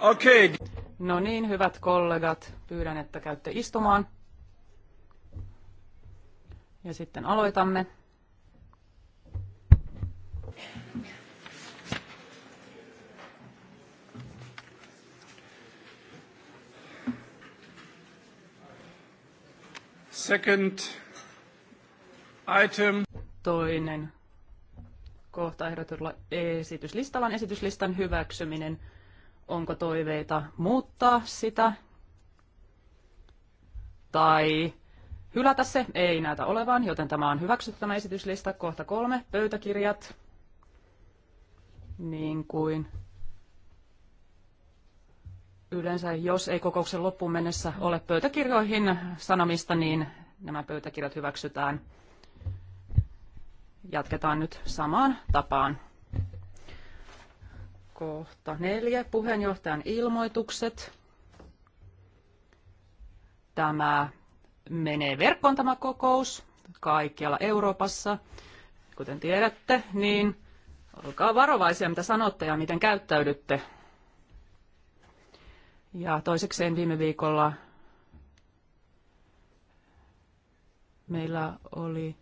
Okei. Okay. No niin, hyvät kollegat, pyydän, että käytte istumaan. Ja sitten aloitamme. Second item. Toinen kohta ehdotulla on esityslistan hyväksyminen. Onko toiveita muuttaa sitä? Tai hylätä se? Ei näytä olevan, joten tämä on hyväksytty tämä esityslista. Kohta kolme, pöytäkirjat. Niin kuin yleensä, jos ei kokouksen loppuun mennessä ole pöytäkirjoihin sanomista, niin nämä pöytäkirjat hyväksytään. Jatketaan nyt samaan tapaan kohta neljä, puheenjohtajan ilmoitukset. Tämä menee verkkoon tämä kokous kaikkialla Euroopassa. Kuten tiedätte, niin olkaa varovaisia, mitä sanotte ja miten käyttäydytte. Ja toisekseen viime viikolla meillä oli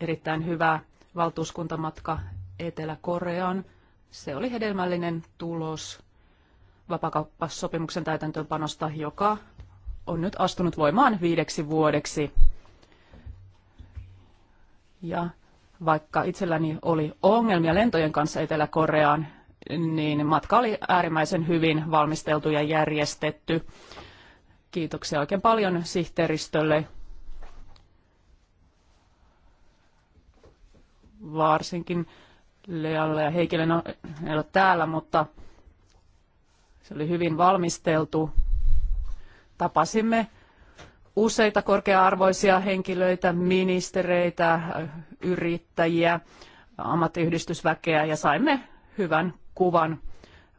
erittäin hyvä valtuuskuntamatka Etelä-Koreaan – se oli hedelmällinen tulos vapakauppasopimuksen täytäntöönpanosta, joka on nyt astunut voimaan viideksi vuodeksi. Ja vaikka itselläni oli ongelmia lentojen kanssa Etelä-Koreaan, niin matka oli äärimmäisen hyvin valmisteltu ja järjestetty. Kiitoksia oikein paljon sihteeristölle, varsinkin Lealle ja Heikille, no, ei ole täällä, mutta se oli hyvin valmisteltu. Tapasimme useita korkea-arvoisia henkilöitä, ministereitä, yrittäjiä, ammattiyhdistysväkeä ja saimme hyvän kuvan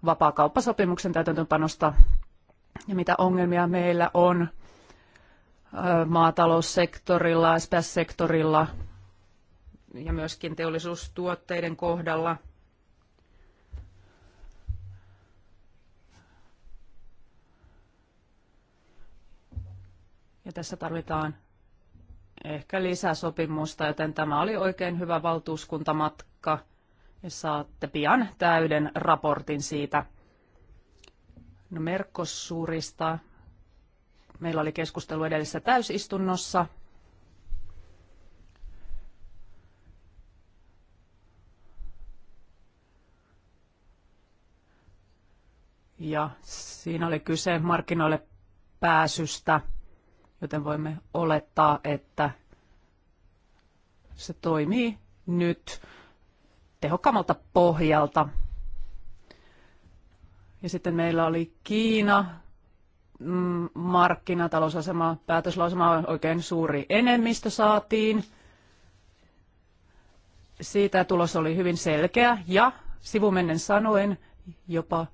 vapaakauppasopimuksen täytäntöönpanosta ja mitä ongelmia meillä on maataloussektorilla, SPS-sektorilla, ja myöskin teollisuustuotteiden kohdalla. Ja tässä tarvitaan ehkä lisää sopimusta, joten tämä oli oikein hyvä valtuuskuntamatka ja saatte pian täyden raportin siitä. No Merkossuurista meillä oli keskustelu edellisessä täysistunnossa – ja siinä oli kyse markkinoille pääsystä, joten voimme olettaa, että se toimii nyt tehokkaammalta pohjalta. Ja sitten meillä oli Kiina, mm, markkinatalousasema, päätöslausema oikein suuri enemmistö saatiin. Siitä tulos oli hyvin selkeä ja sivumennen sanoen jopa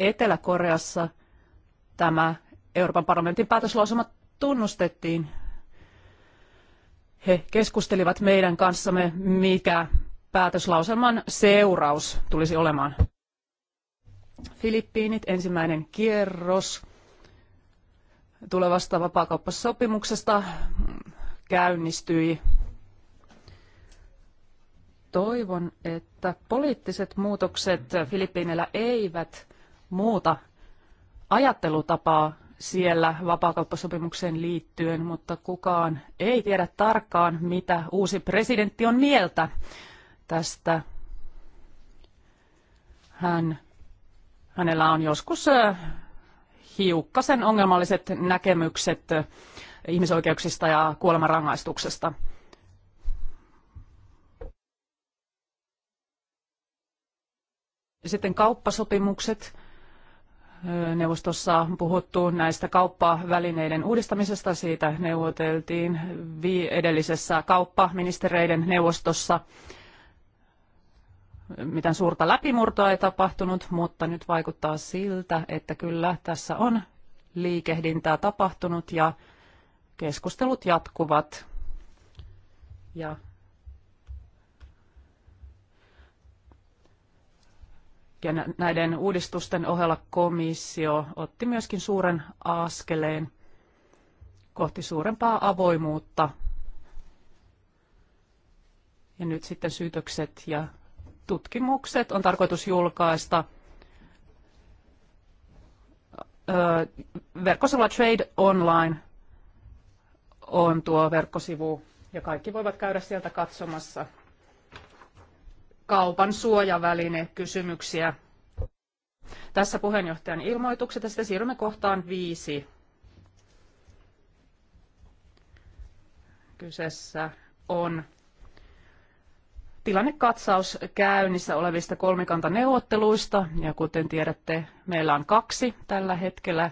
Etelä-Koreassa tämä Euroopan parlamentin päätöslausuma tunnustettiin. He keskustelivat meidän kanssamme, mikä päätöslauselman seuraus tulisi olemaan. Filippiinit, ensimmäinen kierros tulevasta vapaakauppasopimuksesta käynnistyi. Toivon, että poliittiset muutokset Filippiineillä eivät muuta ajattelutapaa siellä vapaakauppasopimukseen liittyen, mutta kukaan ei tiedä tarkkaan, mitä uusi presidentti on mieltä tästä. Hän, hänellä on joskus hiukkasen ongelmalliset näkemykset ihmisoikeuksista ja kuolemanrangaistuksesta. Sitten kauppasopimukset neuvostossa on puhuttu näistä kauppavälineiden uudistamisesta. Siitä neuvoteltiin edellisessä kauppaministereiden neuvostossa. Mitään suurta läpimurtoa ei tapahtunut, mutta nyt vaikuttaa siltä, että kyllä tässä on liikehdintää tapahtunut ja keskustelut jatkuvat. Ja Ja näiden uudistusten ohella komissio otti myöskin suuren askeleen kohti suurempaa avoimuutta. Ja nyt sitten syytökset ja tutkimukset on tarkoitus julkaista. Verkkosivulla Trade Online on tuo verkkosivu ja kaikki voivat käydä sieltä katsomassa kaupan suojaväline kysymyksiä. Tässä puheenjohtajan ilmoitukset ja sitten siirrymme kohtaan viisi. Kyseessä on tilannekatsaus käynnissä olevista kolmikantaneuvotteluista. Ja kuten tiedätte, meillä on kaksi tällä hetkellä.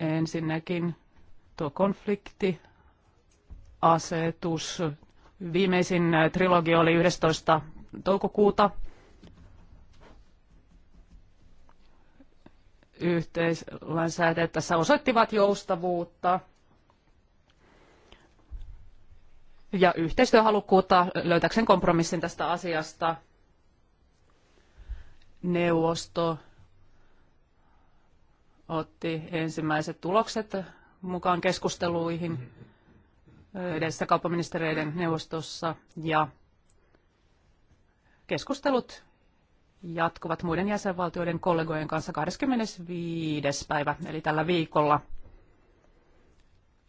Ensinnäkin tuo konflikti, asetus. Viimeisin trilogi oli 11 toukokuuta yhteislainsäädäntö tässä osoittivat joustavuutta ja yhteistyöhalukkuutta löytäkseen kompromissin tästä asiasta. Neuvosto otti ensimmäiset tulokset mukaan keskusteluihin edessä kauppaministereiden neuvostossa ja keskustelut jatkuvat muiden jäsenvaltioiden kollegojen kanssa 25. päivä, eli tällä viikolla.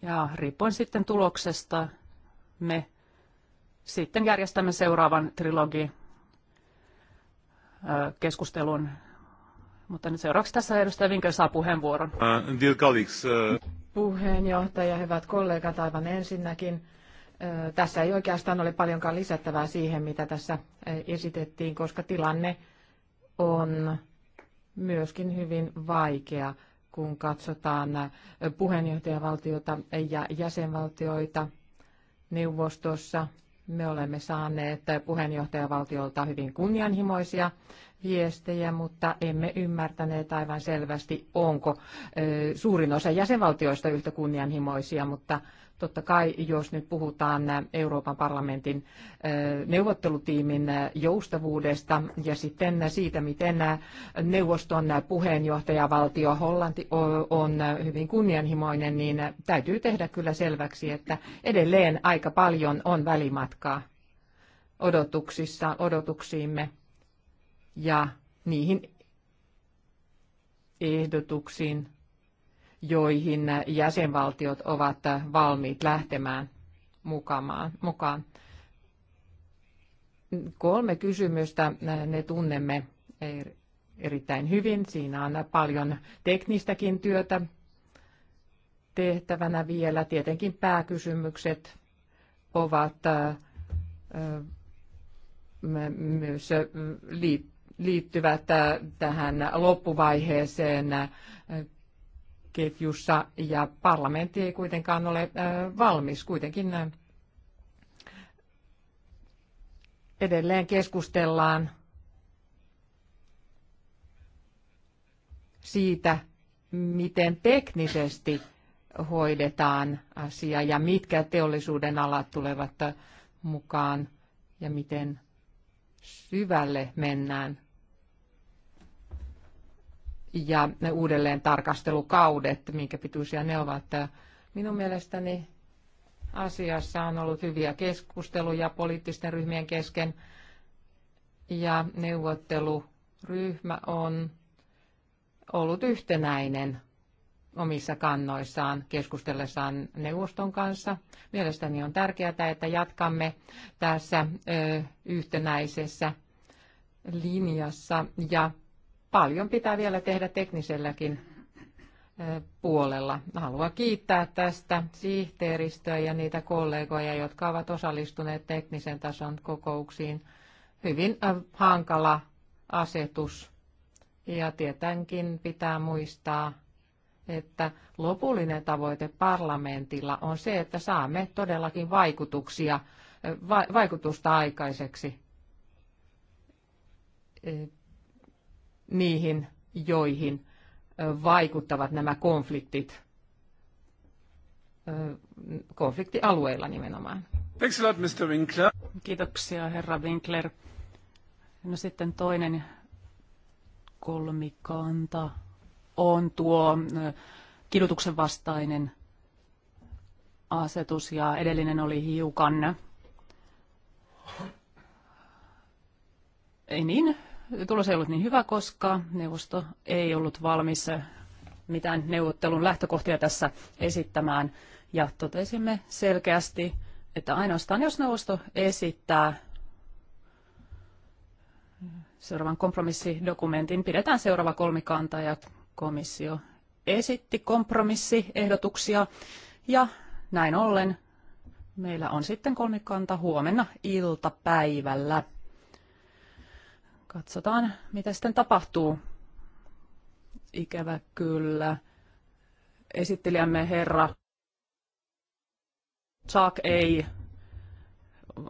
Ja riippuen sitten tuloksesta, me sitten järjestämme seuraavan trilogi keskustelun. Mutta nyt seuraavaksi tässä edustaja Vinkel saa puheenvuoron. Uh, dear colleagues, uh... Puheenjohtaja, hyvät kollegat, aivan ensinnäkin tässä ei oikeastaan ole paljonkaan lisättävää siihen, mitä tässä esitettiin, koska tilanne on myöskin hyvin vaikea, kun katsotaan puheenjohtajavaltiota ja jäsenvaltioita neuvostossa. Me olemme saaneet puheenjohtajavaltiolta hyvin kunnianhimoisia viestejä, mutta emme ymmärtäneet aivan selvästi, onko suurin osa jäsenvaltioista yhtä kunnianhimoisia, mutta Totta kai, jos nyt puhutaan Euroopan parlamentin neuvottelutiimin joustavuudesta ja sitten siitä, miten neuvoston puheenjohtajavaltio Hollanti on hyvin kunnianhimoinen, niin täytyy tehdä kyllä selväksi, että edelleen aika paljon on välimatkaa odotuksissa, odotuksiimme ja niihin ehdotuksiin, joihin jäsenvaltiot ovat valmiit lähtemään mukaan. Kolme kysymystä ne tunnemme er- erittäin hyvin. Siinä on paljon teknistäkin työtä tehtävänä vielä. Tietenkin pääkysymykset ovat myös liittyvät tähän loppuvaiheeseen ketjussa ja parlamentti ei kuitenkaan ole äh, valmis. Kuitenkin äh, edelleen keskustellaan siitä, miten teknisesti hoidetaan asia ja mitkä teollisuuden alat tulevat mukaan ja miten syvälle mennään ja uudelleen tarkastelukaudet, minkä pituisia ne ovat. Minun mielestäni asiassa on ollut hyviä keskusteluja poliittisten ryhmien kesken ja neuvotteluryhmä on ollut yhtenäinen omissa kannoissaan keskustellessaan neuvoston kanssa. Mielestäni on tärkeää, että jatkamme tässä yhtenäisessä linjassa ja paljon pitää vielä tehdä tekniselläkin puolella. Haluan kiittää tästä sihteeristöä ja niitä kollegoja, jotka ovat osallistuneet teknisen tason kokouksiin. Hyvin hankala asetus. Ja tietenkin pitää muistaa, että lopullinen tavoite parlamentilla on se, että saamme todellakin vaikutuksia, vaikutusta aikaiseksi niihin, joihin vaikuttavat nämä konfliktit konfliktialueilla nimenomaan. Thanks a lot, Mr. Winkler. Kiitoksia, herra Winkler. No sitten toinen kolmikanta on tuo kidutuksen vastainen asetus ja edellinen oli hiukan ei niin tulos ei ollut niin hyvä, koska neuvosto ei ollut valmis mitään neuvottelun lähtökohtia tässä esittämään. Ja totesimme selkeästi, että ainoastaan jos neuvosto esittää seuraavan kompromissidokumentin, pidetään seuraava kolmikanta ja komissio esitti kompromissiehdotuksia ja näin ollen meillä on sitten kolmikanta huomenna iltapäivällä. Katsotaan, mitä sitten tapahtuu. Ikävä kyllä. Esittelijämme herra Chuck ei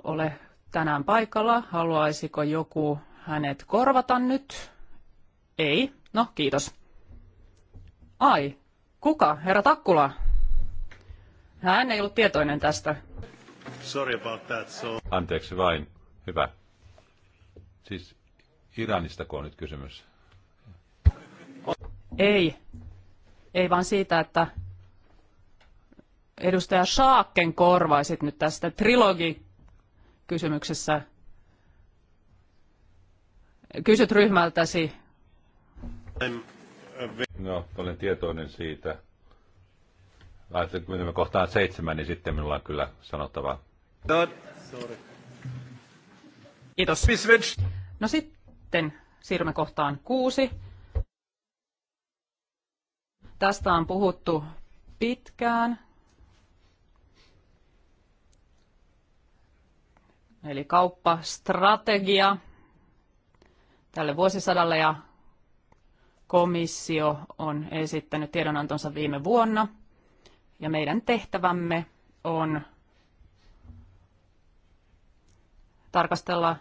ole tänään paikalla. Haluaisiko joku hänet korvata nyt? Ei. No, kiitos. Ai, kuka? Herra Takkula. Hän ei ollut tietoinen tästä. Sorry about that, so... Anteeksi vain. Hyvä. Siis kun on nyt kysymys? Ei. Ei vaan siitä, että edustaja Saakken korvaisit nyt tästä trilogi-kysymyksessä. Kysyt ryhmältäsi. No, olen tietoinen siitä. Laitan, kun menemme kohtaan seitsemän, niin sitten minulla on kyllä sanottavaa. Kiitos. No sitten sitten siirrymme kohtaan kuusi. Tästä on puhuttu pitkään. Eli kauppastrategia tälle vuosisadalle ja komissio on esittänyt tiedonantonsa viime vuonna. Ja meidän tehtävämme on tarkastella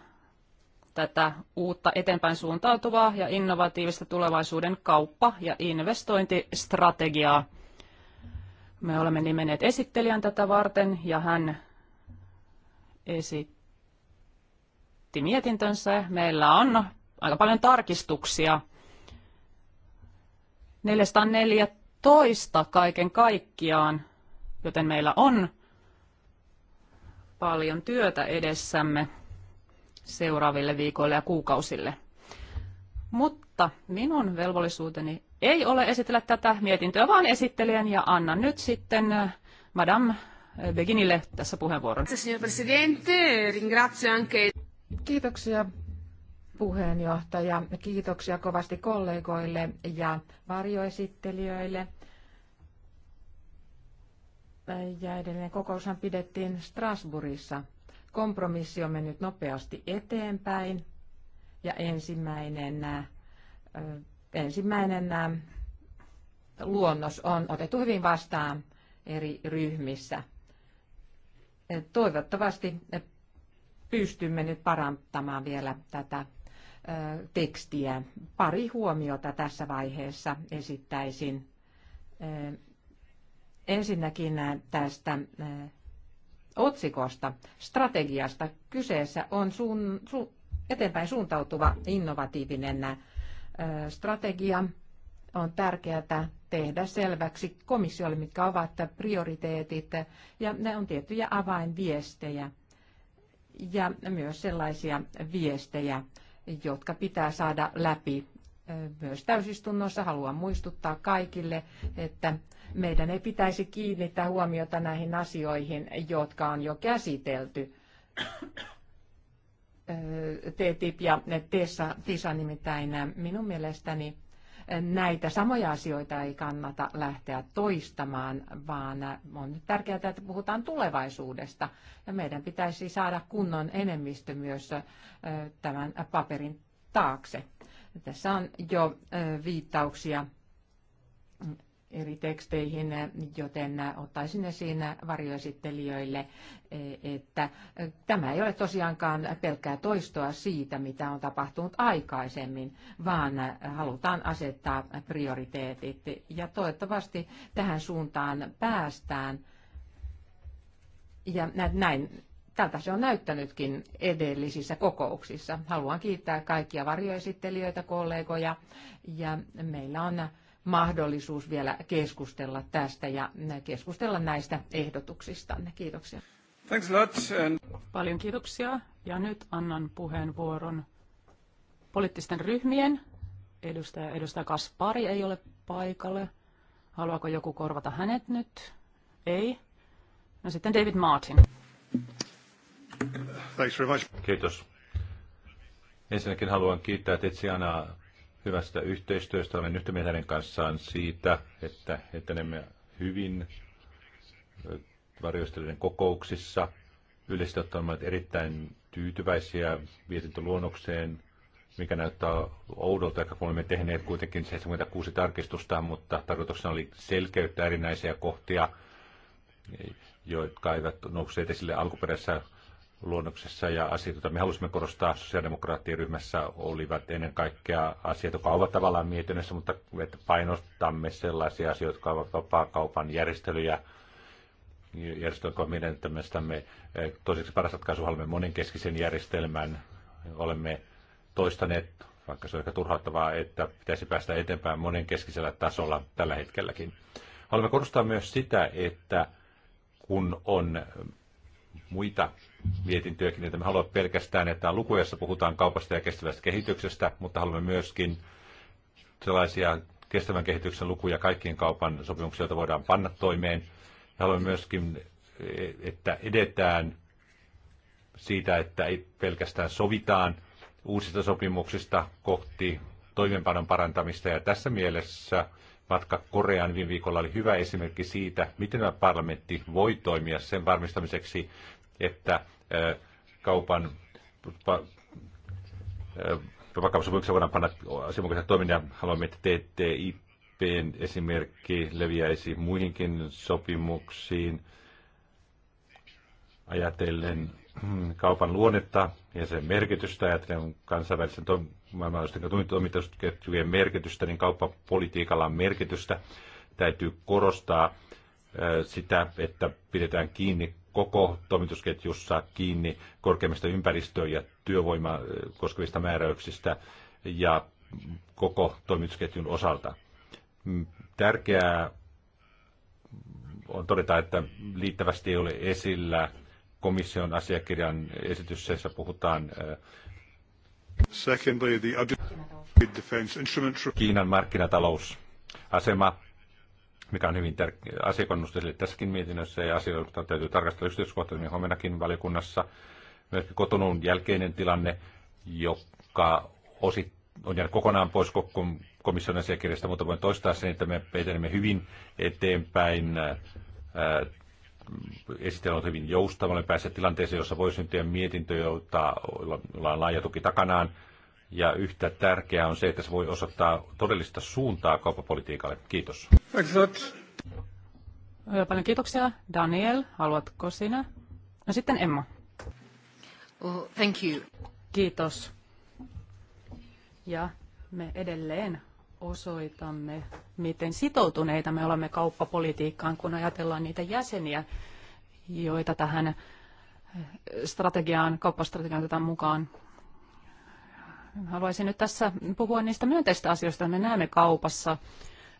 tätä uutta eteenpäin suuntautuvaa ja innovatiivista tulevaisuuden kauppa- ja investointistrategiaa. Me olemme nimenneet esittelijän tätä varten ja hän esitti mietintönsä. Meillä on aika paljon tarkistuksia. 414 kaiken kaikkiaan, joten meillä on paljon työtä edessämme seuraaville viikoille ja kuukausille. Mutta minun velvollisuuteni ei ole esitellä tätä mietintöä, vaan esittelijän ja annan nyt sitten äh, Madame Beginille tässä puheenvuoron. Kiitoksia puheenjohtaja. Kiitoksia kovasti kollegoille ja varjoesittelijöille. Ja edellinen kokoushan pidettiin Strasbourgissa Kompromissi on mennyt nopeasti eteenpäin ja ensimmäinen, äh, ensimmäinen äh, luonnos on otettu hyvin vastaan eri ryhmissä. Äh, toivottavasti pystymme nyt parantamaan vielä tätä tekstiä. Pari huomiota tässä vaiheessa esittäisin. Ensinnäkin tästä otsikosta, strategiasta. Kyseessä on suun, su, eteenpäin suuntautuva innovatiivinen strategia. On tärkeää tehdä selväksi komissiolle, mitkä ovat prioriteetit, ja ne on tiettyjä avainviestejä ja myös sellaisia viestejä, jotka pitää saada läpi myös täysistunnossa. Haluan muistuttaa kaikille, että meidän ei pitäisi kiinnittää huomiota näihin asioihin, jotka on jo käsitelty. TTIP ja TESA, TISA nimittäin minun mielestäni näitä samoja asioita ei kannata lähteä toistamaan, vaan on nyt tärkeää, että puhutaan tulevaisuudesta. Ja meidän pitäisi saada kunnon enemmistö myös tämän paperin taakse. Tässä on jo viittauksia eri teksteihin, joten ottaisin ne siinä varjoesittelijöille, e, että tämä ei ole tosiaankaan pelkkää toistoa siitä, mitä on tapahtunut aikaisemmin, vaan halutaan asettaa prioriteetit ja toivottavasti tähän suuntaan päästään. Ja näin tältä se on näyttänytkin edellisissä kokouksissa. Haluan kiittää kaikkia varjoesittelijöitä, kollegoja ja meillä on mahdollisuus vielä keskustella tästä ja keskustella näistä ehdotuksistanne. Kiitoksia. Thanks a lot. Paljon kiitoksia. Ja nyt annan puheenvuoron poliittisten ryhmien. Edustaja, edustaja Kaspari ei ole paikalle. Haluaako joku korvata hänet nyt? Ei. No sitten David Martin. Thanks very much. Kiitos. Ensinnäkin haluan kiittää Tetsianaa hyvästä yhteistyöstä. Olen yhtä mieltä hänen kanssaan siitä, että etenemme hyvin varjostelijoiden kokouksissa. Yleisesti ottaen olemme erittäin tyytyväisiä mietintöluonnokseen, mikä näyttää oudolta, että kun olemme tehneet kuitenkin 76 tarkistusta, mutta tarkoituksena oli selkeyttää erinäisiä kohtia, jotka eivät nousseet esille alkuperäisessä luonnoksessa ja asiat, joita me halusimme korostaa sosiaalidemokraattien ryhmässä, olivat ennen kaikkea asiat, jotka ovat tavallaan mietinnössä, mutta että painostamme sellaisia asioita, jotka ovat vapaakaupan järjestelyjä, järjestelyjä, jotka ovat meidän tämmöistämme e, toiseksi paras ratkaisu, haluamme monenkeskisen järjestelmän, olemme toistaneet, vaikka se on ehkä turhauttavaa, että pitäisi päästä eteenpäin monenkeskisellä tasolla tällä hetkelläkin. Haluamme korostaa myös sitä, että kun on muita mietintöäkin, että me haluamme pelkästään, että lukujassa puhutaan kaupasta ja kestävästä kehityksestä, mutta haluamme myöskin sellaisia kestävän kehityksen lukuja kaikkien kaupan sopimuksia, joita voidaan panna toimeen. Ja haluamme myöskin, että edetään siitä, että ei pelkästään sovitaan uusista sopimuksista kohti toimeenpanon parantamista. Ja tässä mielessä matka Koreaan viime viikolla oli hyvä esimerkki siitä, miten tämä parlamentti voi toimia sen varmistamiseksi, että kaupan vakaussopimuksen voidaan panna asianmukaisen toiminnan. Haluamme, että TTIPn esimerkki leviäisi muihinkin sopimuksiin ajatellen hmm, kaupan luonnetta ja sen merkitystä, ajatellen kansainvälisen maailmanlaajuisten toimintaketjujen merkitystä, niin kauppapolitiikalla on merkitystä. Täytyy korostaa sitä, että pidetään kiinni koko toimitusketjussa kiinni korkeimmista ympäristöön ja työvoima äh, koskevista määräyksistä ja koko toimitusketjun osalta. Mm, tärkeää on todeta, että liittävästi ei ole esillä komission asiakirjan esitys, jossa puhutaan äh, Secondly, the Kiinan markkinatalousasema. asema mikä on hyvin tärkeä asiakonnusta sille tässäkin mietinnössä ja asioita täytyy tarkastella yksityiskohtaisemmin huomennakin valiokunnassa. Myös kotonun jälkeinen tilanne, joka osit, on jäänyt kokonaan pois komission asiakirjasta, mutta voin toistaa sen, että me etenemme hyvin eteenpäin. Esitellä on hyvin joustava. olen päässyt tilanteeseen, jossa voi syntyä mietintö, jota on laaja tuki takanaan. Ja yhtä tärkeää on se, että se voi osoittaa todellista suuntaa kauppapolitiikalle. Kiitos. Paljon kiitoksia. Daniel, haluatko sinä? No sitten Emma. Oh, thank you. Kiitos. Ja me edelleen osoitamme, miten sitoutuneita me olemme kauppapolitiikkaan, kun ajatellaan niitä jäseniä, joita tähän strategiaan, kauppastrategiaan otetaan mukaan. Haluaisin nyt tässä puhua niistä myönteistä asioista, me näemme kaupassa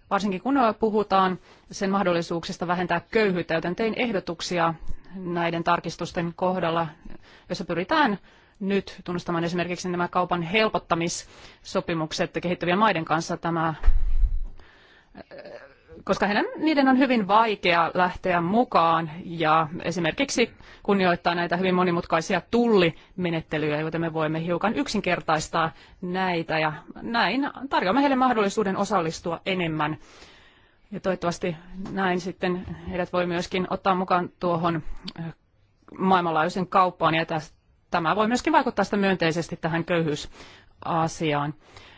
varsinkin kun puhutaan sen mahdollisuuksista vähentää köyhyyttä, joten tein ehdotuksia näiden tarkistusten kohdalla, jossa pyritään nyt tunnustamaan esimerkiksi nämä kaupan helpottamissopimukset kehittyvien maiden kanssa. Tämä koska heidän, niiden on hyvin vaikea lähteä mukaan ja esimerkiksi kunnioittaa näitä hyvin monimutkaisia tullimenettelyjä, joita me voimme hiukan yksinkertaistaa näitä ja näin tarjoamme heille mahdollisuuden osallistua enemmän. Ja toivottavasti näin sitten heidät voi myöskin ottaa mukaan tuohon eh, maailmanlaajuisen kauppaan ja tämä voi myöskin vaikuttaa sitä myönteisesti tähän köyhyysasiaan.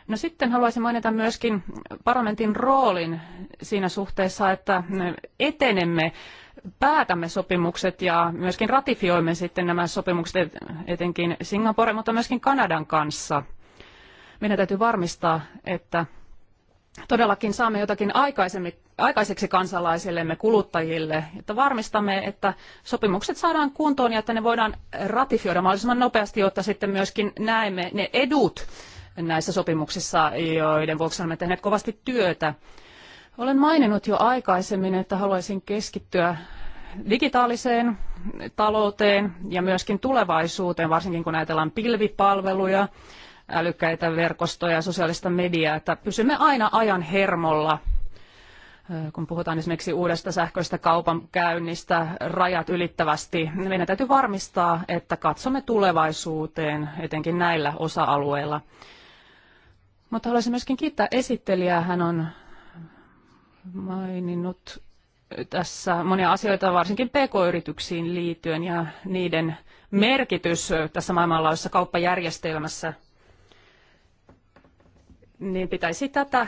No sitten haluaisin mainita myöskin parlamentin roolin siinä suhteessa, että etenemme päätämme sopimukset ja myöskin ratifioimme sitten nämä sopimukset etenkin Singapore, mutta myöskin Kanadan kanssa. Meidän täytyy varmistaa, että todellakin saamme jotakin aikaiseksi kansalaisillemme, kuluttajille, että varmistamme, että sopimukset saadaan kuntoon ja että ne voidaan ratifioida mahdollisimman nopeasti, jotta sitten myöskin näemme ne edut, näissä sopimuksissa, joiden vuoksi olemme tehneet kovasti työtä. Olen maininnut jo aikaisemmin, että haluaisin keskittyä digitaaliseen talouteen ja myöskin tulevaisuuteen, varsinkin kun ajatellaan pilvipalveluja, älykkäitä verkostoja ja sosiaalista mediaa, että pysymme aina ajan hermolla kun puhutaan esimerkiksi uudesta sähköistä kaupankäynnistä rajat ylittävästi, niin meidän täytyy varmistaa, että katsomme tulevaisuuteen etenkin näillä osa-alueilla. Mutta haluaisin myöskin kiittää esittelijää. Hän on maininnut tässä monia asioita varsinkin pk-yrityksiin liittyen ja niiden merkitys tässä maailmanlaajuisessa kauppajärjestelmässä. Niin pitäisi tätä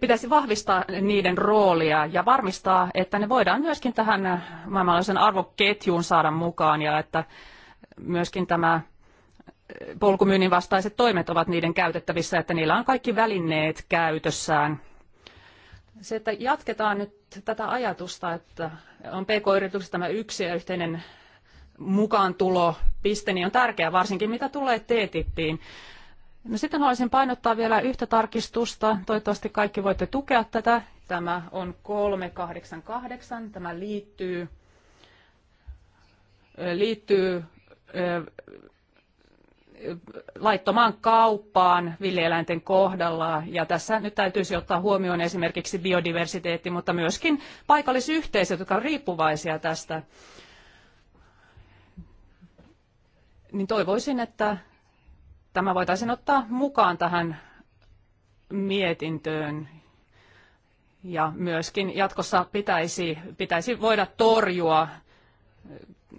pitäisi vahvistaa niiden roolia ja varmistaa, että ne voidaan myöskin tähän maailmanlaajuisen arvoketjuun saada mukaan ja että myöskin tämä polkumyynnin vastaiset toimet ovat niiden käytettävissä, että niillä on kaikki välineet käytössään. Se, että jatketaan nyt tätä ajatusta, että on pk-yrityksessä tämä yksi ja yhteinen mukaantulo piste, niin on tärkeää varsinkin mitä tulee TTIPiin. No sitten haluaisin painottaa vielä yhtä tarkistusta. Toivottavasti kaikki voitte tukea tätä. Tämä on 388. Tämä liittyy, liittyy laittomaan kauppaan villieläinten kohdalla. Ja tässä nyt täytyisi ottaa huomioon esimerkiksi biodiversiteetti, mutta myöskin paikallisyhteisöt, jotka ovat riippuvaisia tästä. Niin toivoisin, että tämä voitaisiin ottaa mukaan tähän mietintöön. Ja myöskin jatkossa pitäisi, pitäisi voida torjua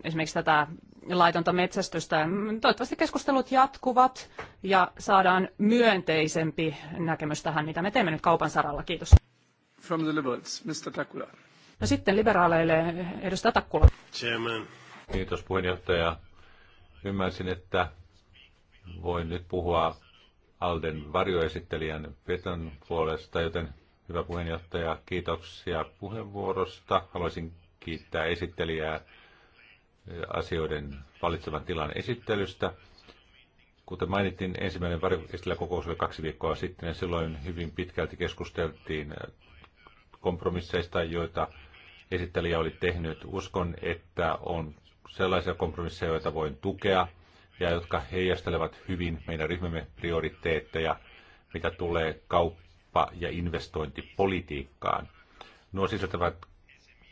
esimerkiksi tätä laitonta metsästystä. Toivottavasti keskustelut jatkuvat ja saadaan myönteisempi näkemys tähän, mitä me teemme nyt kaupan saralla. Kiitos. From the liberals, Mr. Takula. No sitten liberaaleille edustaja Takkula. Chairman. Kiitos puheenjohtaja. Ymmärsin, että voin nyt puhua Alden varjoesittelijän Petan puolesta, joten hyvä puheenjohtaja, kiitoksia puheenvuorosta. Haluaisin kiittää esittelijää asioiden valitsevan tilan esittelystä. Kuten mainittiin, ensimmäinen varjoestilä kokous oli kaksi viikkoa sitten ja silloin hyvin pitkälti keskusteltiin kompromisseista, joita esittelijä oli tehnyt. Uskon, että on sellaisia kompromisseja, joita voin tukea ja jotka heijastelevat hyvin meidän ryhmämme prioriteetteja, mitä tulee kauppa- ja investointipolitiikkaan. Nuo sisältävät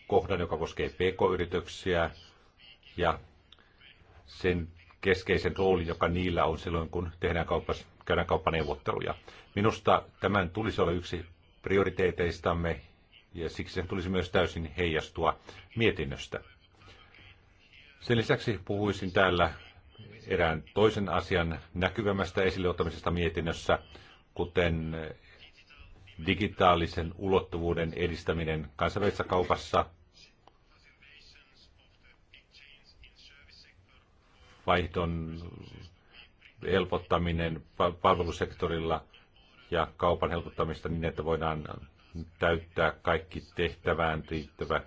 kohdan, joka koskee pk-yrityksiä, ja sen keskeisen roolin, joka niillä on silloin, kun tehdään kauppas, käydään kauppaneuvotteluja. Minusta tämän tulisi olla yksi prioriteeteistamme ja siksi sen tulisi myös täysin heijastua mietinnöstä. Sen lisäksi puhuisin täällä erään toisen asian näkyvämmästä esille ottamisesta mietinnössä, kuten digitaalisen ulottuvuuden edistäminen kansainvälisessä kaupassa – vaihdon helpottaminen palvelusektorilla ja kaupan helpottamista niin, että voidaan täyttää kaikki tehtävään riittävät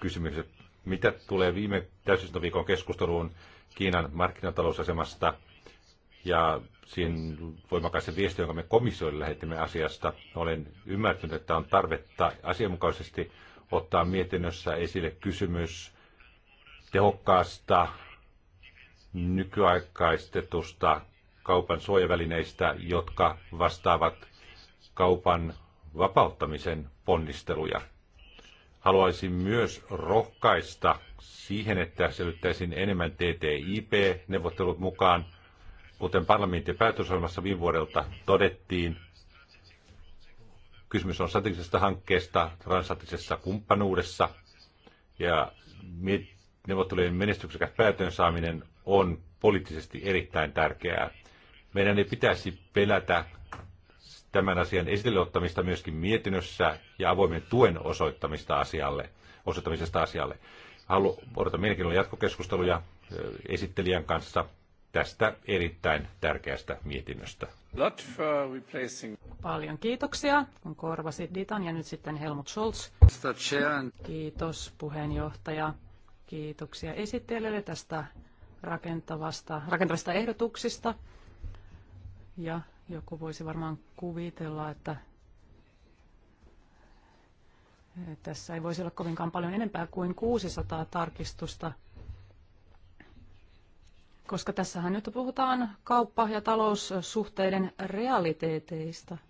kysymykset. Mitä tulee viime täysistuntoviikon keskusteluun Kiinan markkinatalousasemasta ja siihen voimakkaisen viesti, jonka me komissiolle lähetimme asiasta, olen ymmärtänyt, että on tarvetta asianmukaisesti ottaa mietinnössä esille kysymys tehokkaasta nykyaikaistetusta kaupan suojavälineistä, jotka vastaavat kaupan vapauttamisen ponnisteluja. Haluaisin myös rohkaista siihen, että selvittäisin enemmän TTIP-neuvottelut mukaan. Kuten parlamentin päätösohjelmassa viime vuodelta todettiin, kysymys on strategisesta hankkeesta transatlanttisessa kumppanuudessa ja neuvottelujen menestyksekäs päätön saaminen on poliittisesti erittäin tärkeää. Meidän ei pitäisi pelätä tämän asian esille ottamista myöskin mietinnössä ja avoimen tuen osoittamista asialle, osoittamisesta asialle. Haluan odotan mielenkiinnolla jatkokeskusteluja esittelijän kanssa tästä erittäin tärkeästä mietinnöstä. Paljon kiitoksia, kun korvasit Ditan ja nyt sitten Helmut Scholz. Kiitos puheenjohtaja. Kiitoksia esittelijälle tästä rakentavasta, rakentavista ehdotuksista. Ja joku voisi varmaan kuvitella, että tässä ei voisi olla kovinkaan paljon enempää kuin 600 tarkistusta, koska tässähän nyt puhutaan kauppa- ja taloussuhteiden realiteeteista –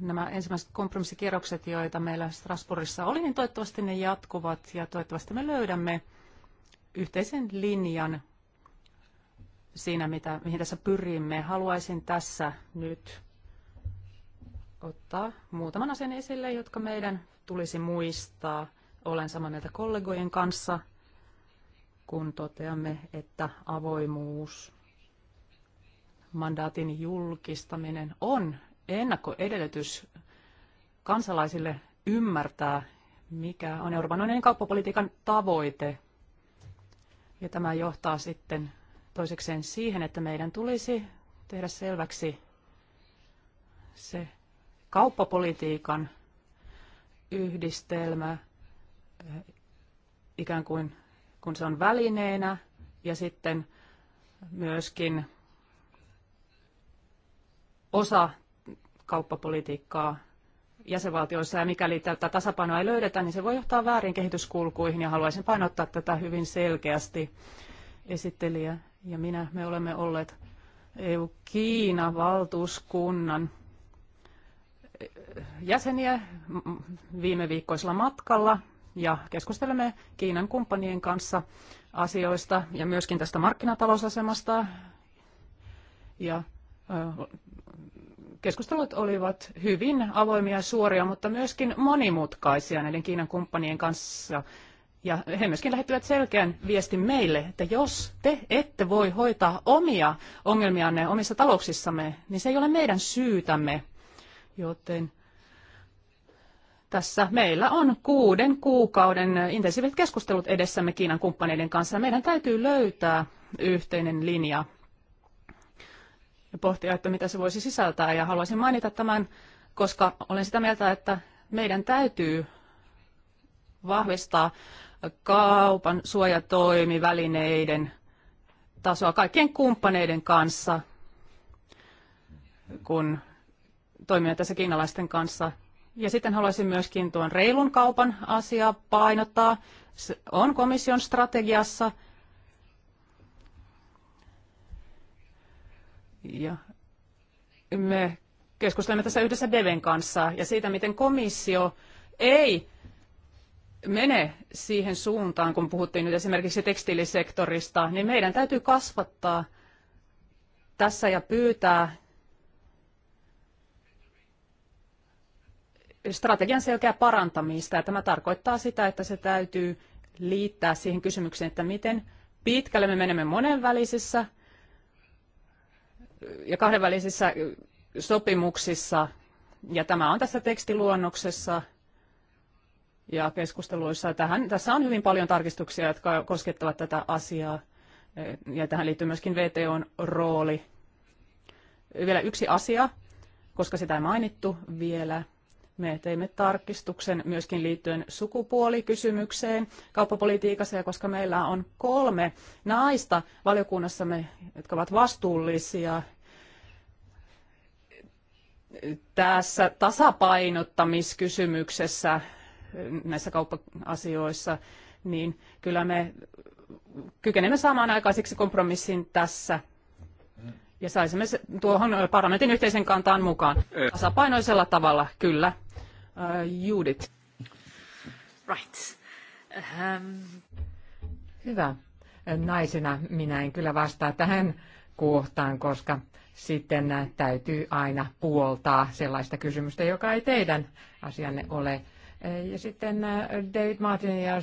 nämä ensimmäiset kompromissikierrokset, joita meillä Strasbourgissa oli, niin toivottavasti ne jatkuvat ja toivottavasti me löydämme yhteisen linjan siinä, mitä, mihin tässä pyrimme. Haluaisin tässä nyt ottaa muutaman asian esille, jotka meidän tulisi muistaa. Olen samaa mieltä kollegojen kanssa, kun toteamme, että avoimuus, mandaatin julkistaminen on ennakkoedellytys kansalaisille ymmärtää, mikä on Euroopan unionin kauppapolitiikan tavoite. Ja tämä johtaa sitten toisekseen siihen, että meidän tulisi tehdä selväksi se kauppapolitiikan yhdistelmä eh, ikään kuin kun se on välineenä ja sitten myöskin osa kauppapolitiikkaa jäsenvaltioissa ja mikäli tätä tasapainoa ei löydetä, niin se voi johtaa väärin kehityskulkuihin ja haluaisin painottaa tätä hyvin selkeästi. Esittelijä ja minä, me olemme olleet EU-Kiina-valtuuskunnan jäseniä viime viikkoisella matkalla ja keskustelemme Kiinan kumppanien kanssa asioista ja myöskin tästä markkinatalousasemasta. Ja keskustelut olivat hyvin avoimia ja suoria, mutta myöskin monimutkaisia näiden Kiinan kumppanien kanssa. Ja he myöskin lähettivät selkeän viestin meille, että jos te ette voi hoitaa omia ongelmianne omissa talouksissamme, niin se ei ole meidän syytämme. Joten tässä meillä on kuuden kuukauden intensiiviset keskustelut edessämme Kiinan kumppaneiden kanssa. Meidän täytyy löytää yhteinen linja ja pohtia, että mitä se voisi sisältää. Ja haluaisin mainita tämän, koska olen sitä mieltä, että meidän täytyy vahvistaa kaupan suojatoimivälineiden tasoa kaikkien kumppaneiden kanssa, kun toimimme tässä kiinalaisten kanssa. Ja sitten haluaisin myöskin tuon reilun kaupan asiaa painottaa. Se on komission strategiassa – Ja me keskustelemme tässä yhdessä Deven kanssa ja siitä, miten komissio ei mene siihen suuntaan, kun puhuttiin nyt esimerkiksi tekstiilisektorista, niin meidän täytyy kasvattaa tässä ja pyytää strategian selkeä parantamista. Ja tämä tarkoittaa sitä, että se täytyy liittää siihen kysymykseen, että miten pitkälle me menemme monenvälisissä ja kahdenvälisissä sopimuksissa, ja tämä on tässä tekstiluonnoksessa ja keskusteluissa. Tähän, tässä on hyvin paljon tarkistuksia, jotka koskettavat tätä asiaa, ja tähän liittyy myöskin VTOn rooli. Vielä yksi asia, koska sitä ei mainittu vielä, me teimme tarkistuksen myöskin liittyen sukupuolikysymykseen kauppapolitiikassa, ja koska meillä on kolme naista valiokunnassamme, jotka ovat vastuullisia tässä tasapainottamiskysymyksessä näissä kauppa-asioissa, niin kyllä me kykenemme saamaan aikaiseksi kompromissin tässä ja saisimme tuohon parlamentin yhteisen kantaan mukaan eh. tasapainoisella tavalla, kyllä. Uh, Judith. Right. Um... Hyvä. Naisena minä en kyllä vastaa tähän kohtaan, koska sitten täytyy aina puoltaa sellaista kysymystä, joka ei teidän asianne ole. Ja sitten uh, David Martin ja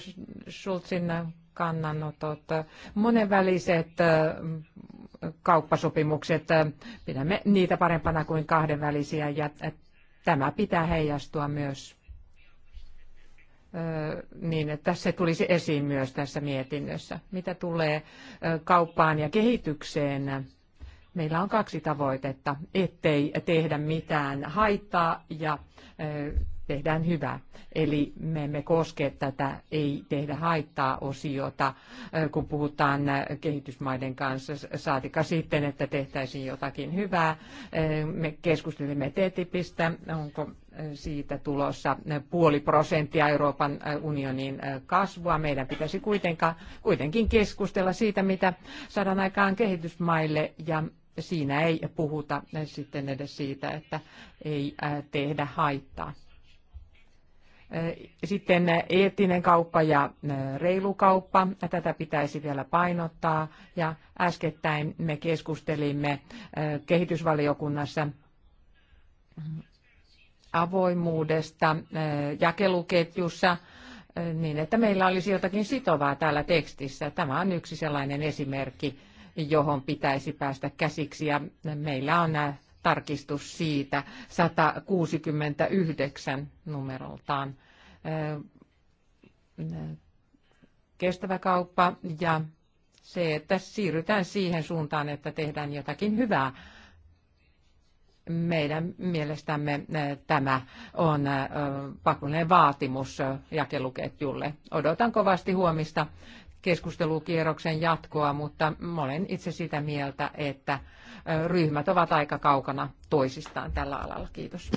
Schulzin kannanotot, monenväliset uh, kauppasopimukset, pidämme niitä parempana kuin kahdenvälisiä ja Tämä pitää heijastua myös niin, että se tulisi esiin myös tässä mietinnössä. Mitä tulee kauppaan ja kehitykseen, meillä on kaksi tavoitetta, ettei tehdä mitään haittaa ja tehdään hyvä. Eli me emme koske tätä, ei tehdä haittaa osiota, kun puhutaan kehitysmaiden kanssa, saatika sitten, että tehtäisiin jotakin hyvää. Me keskustelimme TTIPistä, onko siitä tulossa puoli prosenttia Euroopan unionin kasvua. Meidän pitäisi kuitenkin keskustella siitä, mitä saadaan aikaan kehitysmaille ja siinä ei puhuta sitten edes siitä, että ei tehdä haittaa. Sitten eettinen kauppa ja reilu kauppa, tätä pitäisi vielä painottaa. Ja äskettäin me keskustelimme kehitysvaliokunnassa avoimuudesta jakeluketjussa niin, että meillä olisi jotakin sitovaa täällä tekstissä. Tämä on yksi sellainen esimerkki, johon pitäisi päästä käsiksi ja meillä on tarkistus siitä 169 numeroltaan. Kestävä kauppa ja se, että siirrytään siihen suuntaan, että tehdään jotakin hyvää. Meidän mielestämme tämä on pakollinen vaatimus jakeluketjulle. Odotan kovasti huomista keskustelukierroksen jatkoa, mutta olen itse sitä mieltä, että ryhmät ovat aika kaukana toisistaan tällä alalla. Kiitos.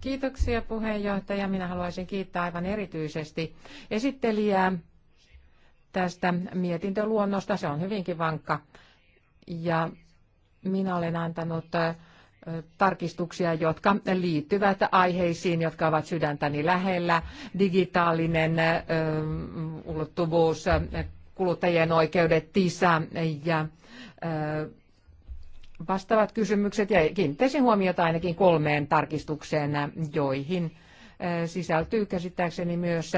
Kiitoksia puheenjohtaja. Minä haluaisin kiittää aivan erityisesti esittelijää tästä mietintöluonnosta. Se on hyvinkin vankka. Ja minä olen antanut äh, tarkistuksia, jotka liittyvät aiheisiin, jotka ovat sydäntäni lähellä. Digitaalinen ulottuvuus, kuluttajien oikeudet, TISA ja vastaavat kysymykset. Ja kiinnittäisin huomiota ainakin kolmeen tarkistukseen, joihin sisältyy käsittääkseni myös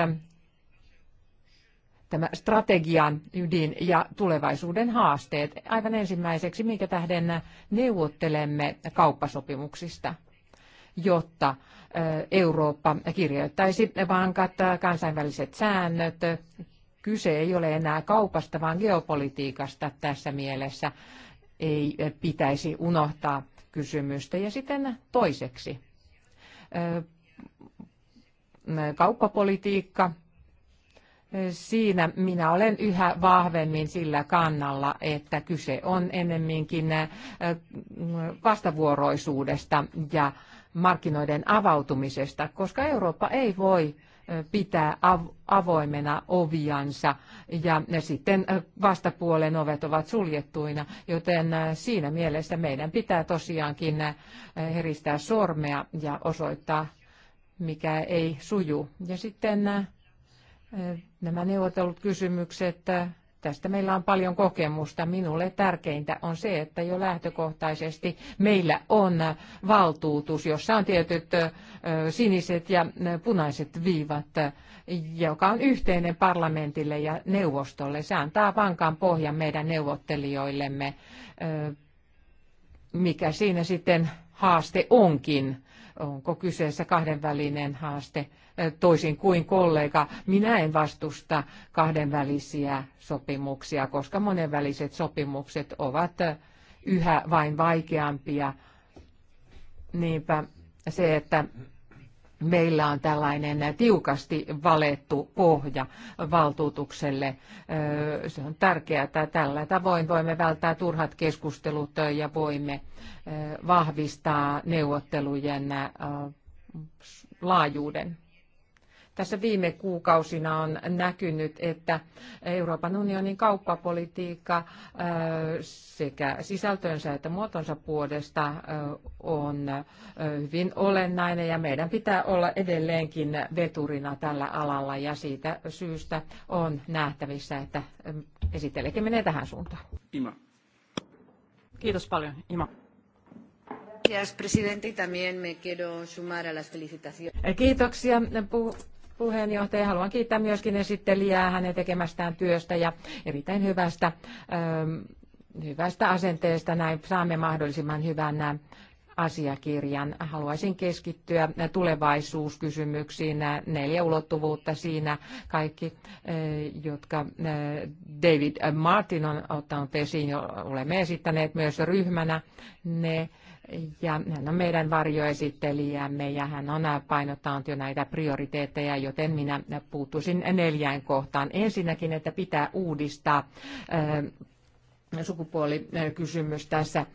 tämä strategian ydin ja tulevaisuuden haasteet. Aivan ensimmäiseksi, minkä tähden neuvottelemme kauppasopimuksista, jotta Eurooppa kirjoittaisi vankat kansainväliset säännöt. Kyse ei ole enää kaupasta, vaan geopolitiikasta tässä mielessä. Ei pitäisi unohtaa kysymystä. Ja sitten toiseksi, kauppapolitiikka Siinä minä olen yhä vahvemmin sillä kannalla, että kyse on ennemminkin äh, vastavuoroisuudesta ja markkinoiden avautumisesta, koska Eurooppa ei voi äh, pitää avoimena oviansa ja sitten äh, vastapuolen ovet ovat suljettuina, joten siinä mielessä meidän pitää tosiaankin heristää sormea ja osoittaa, mikä ei suju. Ja sitten nämä neuvotellut kysymykset, tästä meillä on paljon kokemusta. Minulle tärkeintä on se, että jo lähtökohtaisesti meillä on valtuutus, jossa on tietyt siniset ja punaiset viivat, joka on yhteinen parlamentille ja neuvostolle. Se antaa vankan pohjan meidän neuvottelijoillemme, mikä siinä sitten haaste onkin. Onko kyseessä kahdenvälinen haaste toisin kuin kollega. Minä en vastusta kahdenvälisiä sopimuksia, koska monenväliset sopimukset ovat yhä vain vaikeampia. Niinpä se, että meillä on tällainen tiukasti valettu pohja valtuutukselle. Se on tärkeää, että tällä tavoin voimme välttää turhat keskustelut ja voimme vahvistaa neuvottelujen laajuuden. Tässä viime kuukausina on näkynyt, että Euroopan unionin kauppapolitiikka sekä sisältönsä että muotonsa puolesta on hyvin olennainen ja meidän pitää olla edelleenkin veturina tällä alalla ja siitä syystä on nähtävissä, että esittelekin menee tähän suuntaan. Ima. Kiitos paljon, Ima. Kiitoksia presidentti. y también me quiero sumar a las felicitaciones. Kiitoksia puheenjohtaja. Haluan kiittää myöskin esittelijää hänen tekemästään työstä ja erittäin hyvästä, ähm, hyvästä asenteesta. Näin saamme mahdollisimman hyvän äh, asiakirjan. Haluaisin keskittyä äh, tulevaisuuskysymyksiin, äh, neljä ulottuvuutta siinä kaikki, jotka David Martin on ottanut esiin, olemme esittäneet myös ryhmänä ne ja hän on meidän varjoesittelijämme ja hän on äh, painottanut jo näitä prioriteetteja, joten minä äh, puuttuisin neljään kohtaan. Ensinnäkin, että pitää uudistaa äh, sukupuolikysymys tässä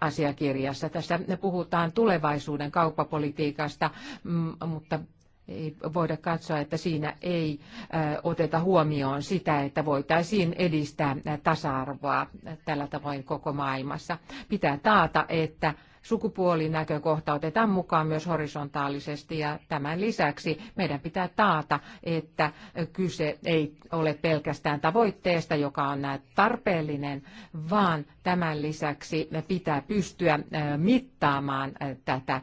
asiakirjassa. Tässä puhutaan tulevaisuuden kauppapolitiikasta, mutta ei voida katsoa, että siinä ei oteta huomioon sitä, että voitaisiin edistää tasa-arvoa tällä tavoin koko maailmassa. Pitää taata, että sukupuolinäkökohta otetaan mukaan myös horisontaalisesti ja tämän lisäksi meidän pitää taata, että kyse ei ole pelkästään tavoitteesta, joka on tarpeellinen, vaan tämän lisäksi pitää pystyä mittaamaan tätä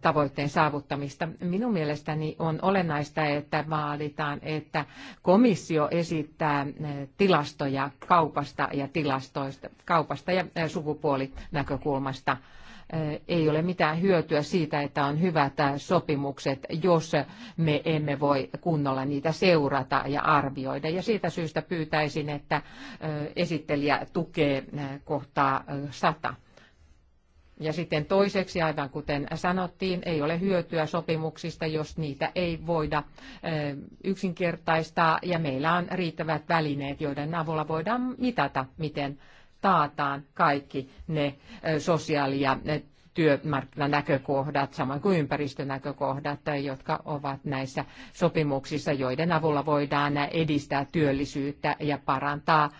tavoitteen saavuttamista. Minun mielestäni on olennaista, että vaaditaan, että komissio esittää eh, tilastoja kaupasta ja tilastoista, kaupasta ja eh, sukupuolinäkökulmasta eh, ei ole mitään hyötyä siitä, että on hyvät sopimukset, jos me emme voi kunnolla niitä seurata ja arvioida. Ja siitä syystä pyytäisin, että esittelijä tukee kohtaa 100. Ja sitten toiseksi, aivan kuten sanottiin, ei ole hyötyä sopimuksista, jos niitä ei voida yksinkertaistaa ja meillä on riittävät välineet, joiden avulla voidaan mitata, miten taataan kaikki ne sosiaali- ja työmarkkinanäkökohdat, samoin kuin ympäristönäkökohdat, jotka ovat näissä sopimuksissa, joiden avulla voidaan edistää työllisyyttä ja parantaa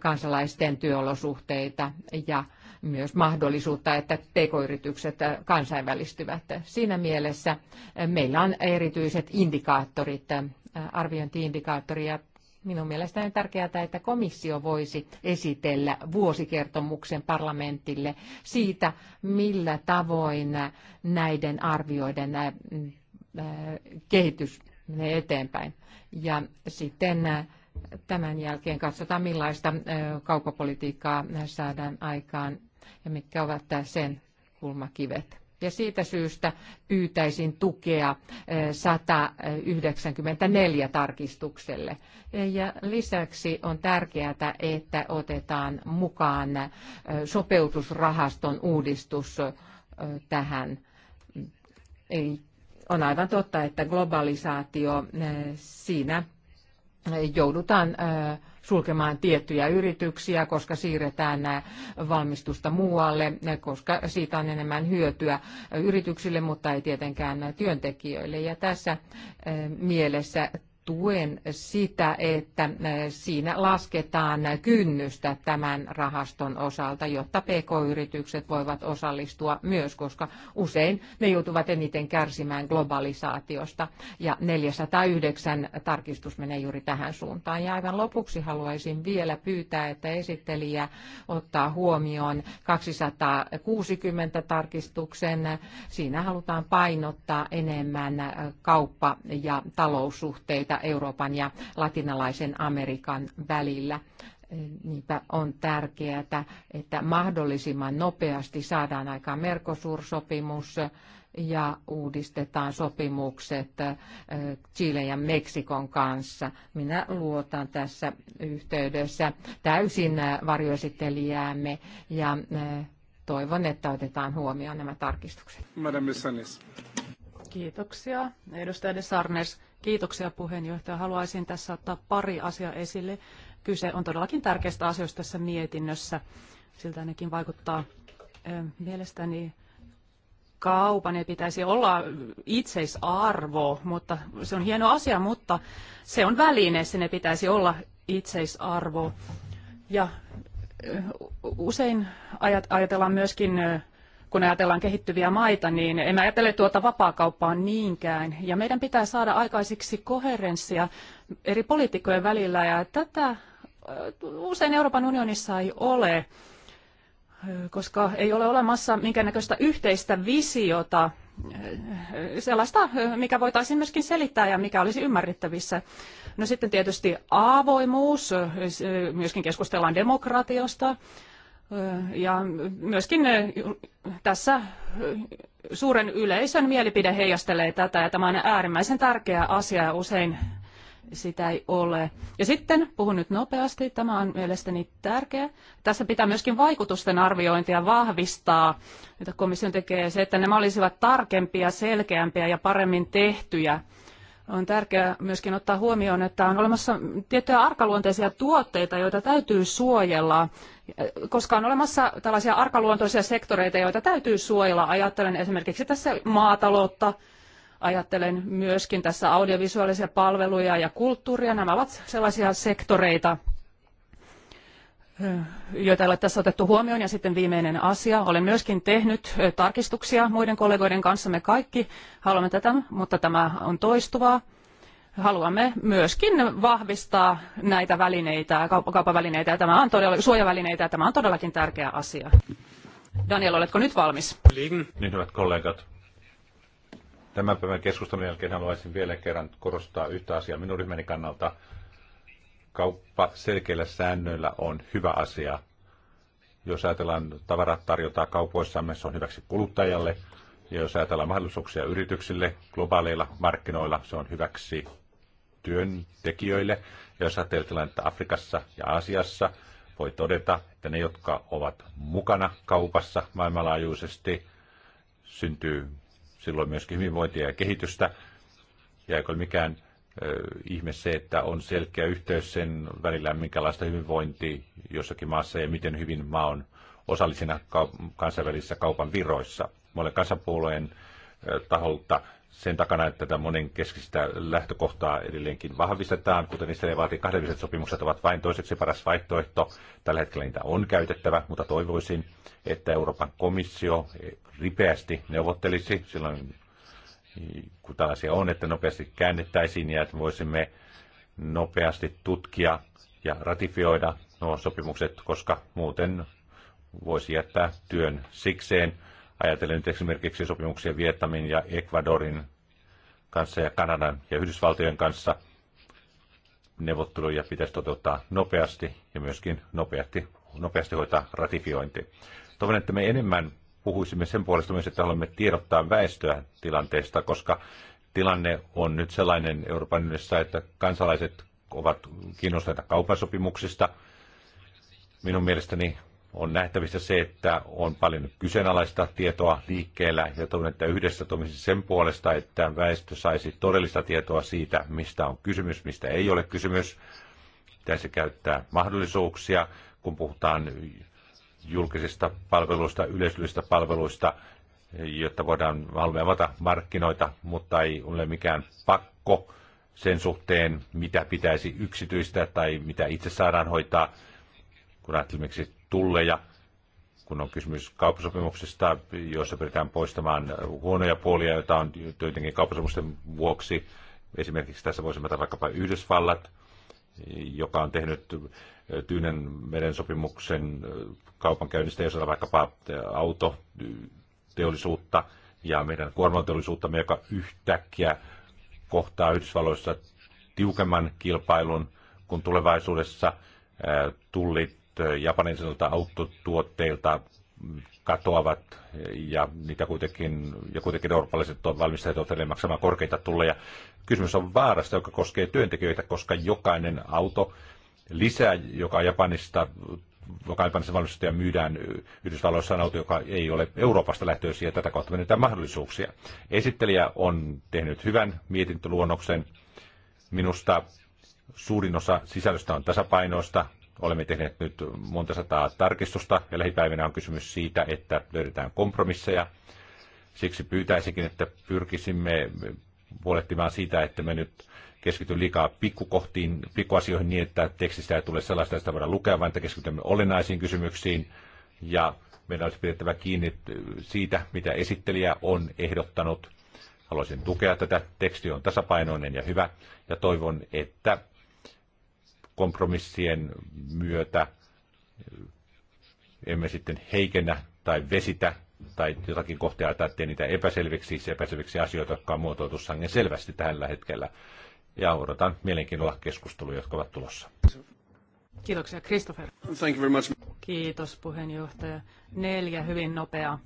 kansalaisten työolosuhteita ja myös mahdollisuutta, että tekoyritykset, kansainvälistyvät. Siinä mielessä meillä on erityiset indikaattorit, arviointiindikaattoria. Minun mielestäni on tärkeää, että komissio voisi esitellä vuosikertomuksen parlamentille siitä, millä tavoin näiden arvioiden kehitys menee eteenpäin. Ja sitten tämän jälkeen katsotaan, millaista kaukopolitiikkaa saadaan aikaan ja mitkä ovat sen kulmakivet. Ja siitä syystä pyytäisin tukea 194 eh, tarkistukselle. Eh, ja lisäksi on tärkeää, että otetaan mukaan eh, sopeutusrahaston uudistus tähän. on aivan totta, että globalisaatio siinä joudutaan sulkemaan tiettyjä yrityksiä, koska siirretään nämä valmistusta muualle, koska siitä on enemmän hyötyä yrityksille, mutta ei tietenkään työntekijöille. Ja tässä eh, mielessä tuen sitä, että äh, siinä lasketaan kynnystä tämän rahaston osalta, jotta pk-yritykset voivat osallistua myös, koska usein ne joutuvat eniten kärsimään globalisaatiosta. Ja 409 tarkistus menee juuri tähän suuntaan. Ja aivan lopuksi haluaisin vielä pyytää, että esittelijä ottaa huomioon 260 tarkistuksen. Siinä halutaan painottaa enemmän kauppa- ja taloussuhteita Euroopan ja latinalaisen Amerikan välillä. Niinpä on tärkeää, että mahdollisimman nopeasti saadaan aikaan Mercosur-sopimus ja uudistetaan sopimukset Chile ja Meksikon kanssa. Minä luotan tässä yhteydessä täysin varjoesittelijäämme ja toivon, että otetaan huomioon nämä tarkistukset. Madame Sanis. Kiitoksia. Edustaja De Sarnes. Kiitoksia puheenjohtaja. Haluaisin tässä ottaa pari asiaa esille. Kyse on todellakin tärkeistä asioista tässä mietinnössä. Siltä ainakin vaikuttaa mielestäni kaupan ei pitäisi olla itseisarvo, mutta se on hieno asia, mutta se on väline, sen pitäisi olla itseisarvo. Ja usein ajatellaan myöskin kun ajatellaan kehittyviä maita, niin emme ajattele tuota vapaakauppaa niinkään. Ja meidän pitää saada aikaisiksi koherenssia eri poliitikkojen välillä, ja tätä usein Euroopan unionissa ei ole, koska ei ole olemassa minkäännäköistä yhteistä visiota, sellaista, mikä voitaisiin myöskin selittää ja mikä olisi ymmärrettävissä. No sitten tietysti avoimuus, myöskin keskustellaan demokratiasta, ja myöskin tässä suuren yleisön mielipide heijastelee tätä ja tämä on äärimmäisen tärkeä asia ja usein sitä ei ole. Ja sitten, puhun nyt nopeasti, tämä on mielestäni tärkeä. Tässä pitää myöskin vaikutusten arviointia vahvistaa, mitä komissio tekee, se, että nämä olisivat tarkempia, selkeämpiä ja paremmin tehtyjä on tärkeää myöskin ottaa huomioon, että on olemassa tiettyjä arkaluonteisia tuotteita, joita täytyy suojella, koska on olemassa tällaisia arkaluontoisia sektoreita, joita täytyy suojella. Ajattelen esimerkiksi tässä maataloutta, ajattelen myöskin tässä audiovisuaalisia palveluja ja kulttuuria. Nämä ovat sellaisia sektoreita, joita ei ole tässä otettu huomioon. Ja sitten viimeinen asia. Olen myöskin tehnyt tarkistuksia muiden kollegoiden kanssa. Me kaikki haluamme tätä, mutta tämä on toistuvaa. Haluamme myöskin vahvistaa näitä välineitä, kauppavälineitä ja tämä on todella, suojavälineitä ja tämä on todellakin tärkeä asia. Daniel, oletko nyt valmis? Niin, hyvät kollegat. Tämän päivän keskustelun jälkeen haluaisin vielä kerran korostaa yhtä asiaa minun ryhmäni kannalta – kauppa selkeillä säännöillä on hyvä asia. Jos ajatellaan tavarat tarjotaan kaupoissamme, se on hyväksi kuluttajalle. Ja jos ajatellaan mahdollisuuksia yrityksille globaaleilla markkinoilla, se on hyväksi työntekijöille. Ja jos ajatellaan että Afrikassa ja Aasiassa, voi todeta, että ne, jotka ovat mukana kaupassa maailmanlaajuisesti, syntyy silloin myöskin hyvinvointia ja kehitystä. Ja eikä ole mikään ihme se, että on selkeä yhteys sen välillä, minkälaista hyvinvointi jossakin maassa ja miten hyvin maa on osallisena kansainvälisissä kaupan viroissa. olen kansanpuolueen taholta sen takana, että tätä monenkeskistä lähtökohtaa edelleenkin vahvistetaan, kuten Israel vaatii kahdelliset sopimukset ovat vain toiseksi paras vaihtoehto. Tällä hetkellä niitä on käytettävä, mutta toivoisin, että Euroopan komissio ripeästi neuvottelisi, silloin kun tällaisia on, että nopeasti käännettäisiin ja että voisimme nopeasti tutkia ja ratifioida nuo sopimukset, koska muuten voisi jättää työn sikseen. Ajatellen nyt esimerkiksi sopimuksia Vietnamin ja Ecuadorin kanssa ja Kanadan ja Yhdysvaltojen kanssa. Neuvotteluja pitäisi toteuttaa nopeasti ja myöskin nopeasti, nopeasti hoitaa ratifiointi. Toivon, että me enemmän puhuisimme sen puolesta myös, että haluamme tiedottaa väestöä tilanteesta, koska tilanne on nyt sellainen Euroopan unionissa, että kansalaiset ovat kiinnostuneita kaupasopimuksista. Minun mielestäni on nähtävissä se, että on paljon kyseenalaista tietoa liikkeellä ja toivon, että yhdessä toimisi sen puolesta, että väestö saisi todellista tietoa siitä, mistä on kysymys, mistä ei ole kysymys. Pitäisi käyttää mahdollisuuksia, kun puhutaan julkisista palveluista, yleisöllisistä palveluista, jotta voidaan valvata markkinoita, mutta ei ole mikään pakko sen suhteen, mitä pitäisi yksityistä tai mitä itse saadaan hoitaa, kun ajattelemme tulleja, kun on kysymys kauppasopimuksista, joissa pyritään poistamaan huonoja puolia, joita on joidenkin kauppasopimusten vuoksi. Esimerkiksi tässä voisimme ottaa vaikkapa Yhdysvallat, joka on tehnyt Tyynenmeren sopimuksen kaupankäynnistä, jos on vaikkapa autoteollisuutta ja meidän kuormateollisuuttamme, joka yhtäkkiä kohtaa Yhdysvalloissa tiukemman kilpailun kuin tulevaisuudessa tullit japanilaisilta autotuotteilta katoavat ja niitä kuitenkin, ja kuitenkin eurooppalaiset on valmistajat ovat maksamaan korkeita tulleja. Kysymys on vaarasta, joka koskee työntekijöitä, koska jokainen auto, lisä, joka Japanista joka Japanissa valmistettu ja myydään Yhdysvalloissa on auto, joka ei ole Euroopasta lähtöisiä ja tätä kautta menetään mahdollisuuksia. Esittelijä on tehnyt hyvän mietintöluonnoksen. Minusta suurin osa sisällöstä on tasapainoista. Olemme tehneet nyt monta sataa tarkistusta ja lähipäivinä on kysymys siitä, että löydetään kompromisseja. Siksi pyytäisikin, että pyrkisimme huolehtimaan siitä, että me nyt keskity liikaa pikkukohtiin, pikkuasioihin niin, että tekstistä ei tule sellaista, sitä voidaan lukea, vaan että keskitymme olennaisiin kysymyksiin. Ja meidän olisi pidettävä kiinni siitä, mitä esittelijä on ehdottanut. Haluaisin tukea tätä. Teksti on tasapainoinen ja hyvä. Ja toivon, että kompromissien myötä emme sitten heikennä tai vesitä tai jotakin kohtaa että niitä epäselviksi, epäselviksi asioita, jotka on muotoiltu sangen selvästi tällä hetkellä ja odotan mielenkiinnolla keskusteluja, jotka ovat tulossa. Kiitoksia, Christopher. Thank you very much. Kiitos, puheenjohtaja. Neljä hyvin nopeaa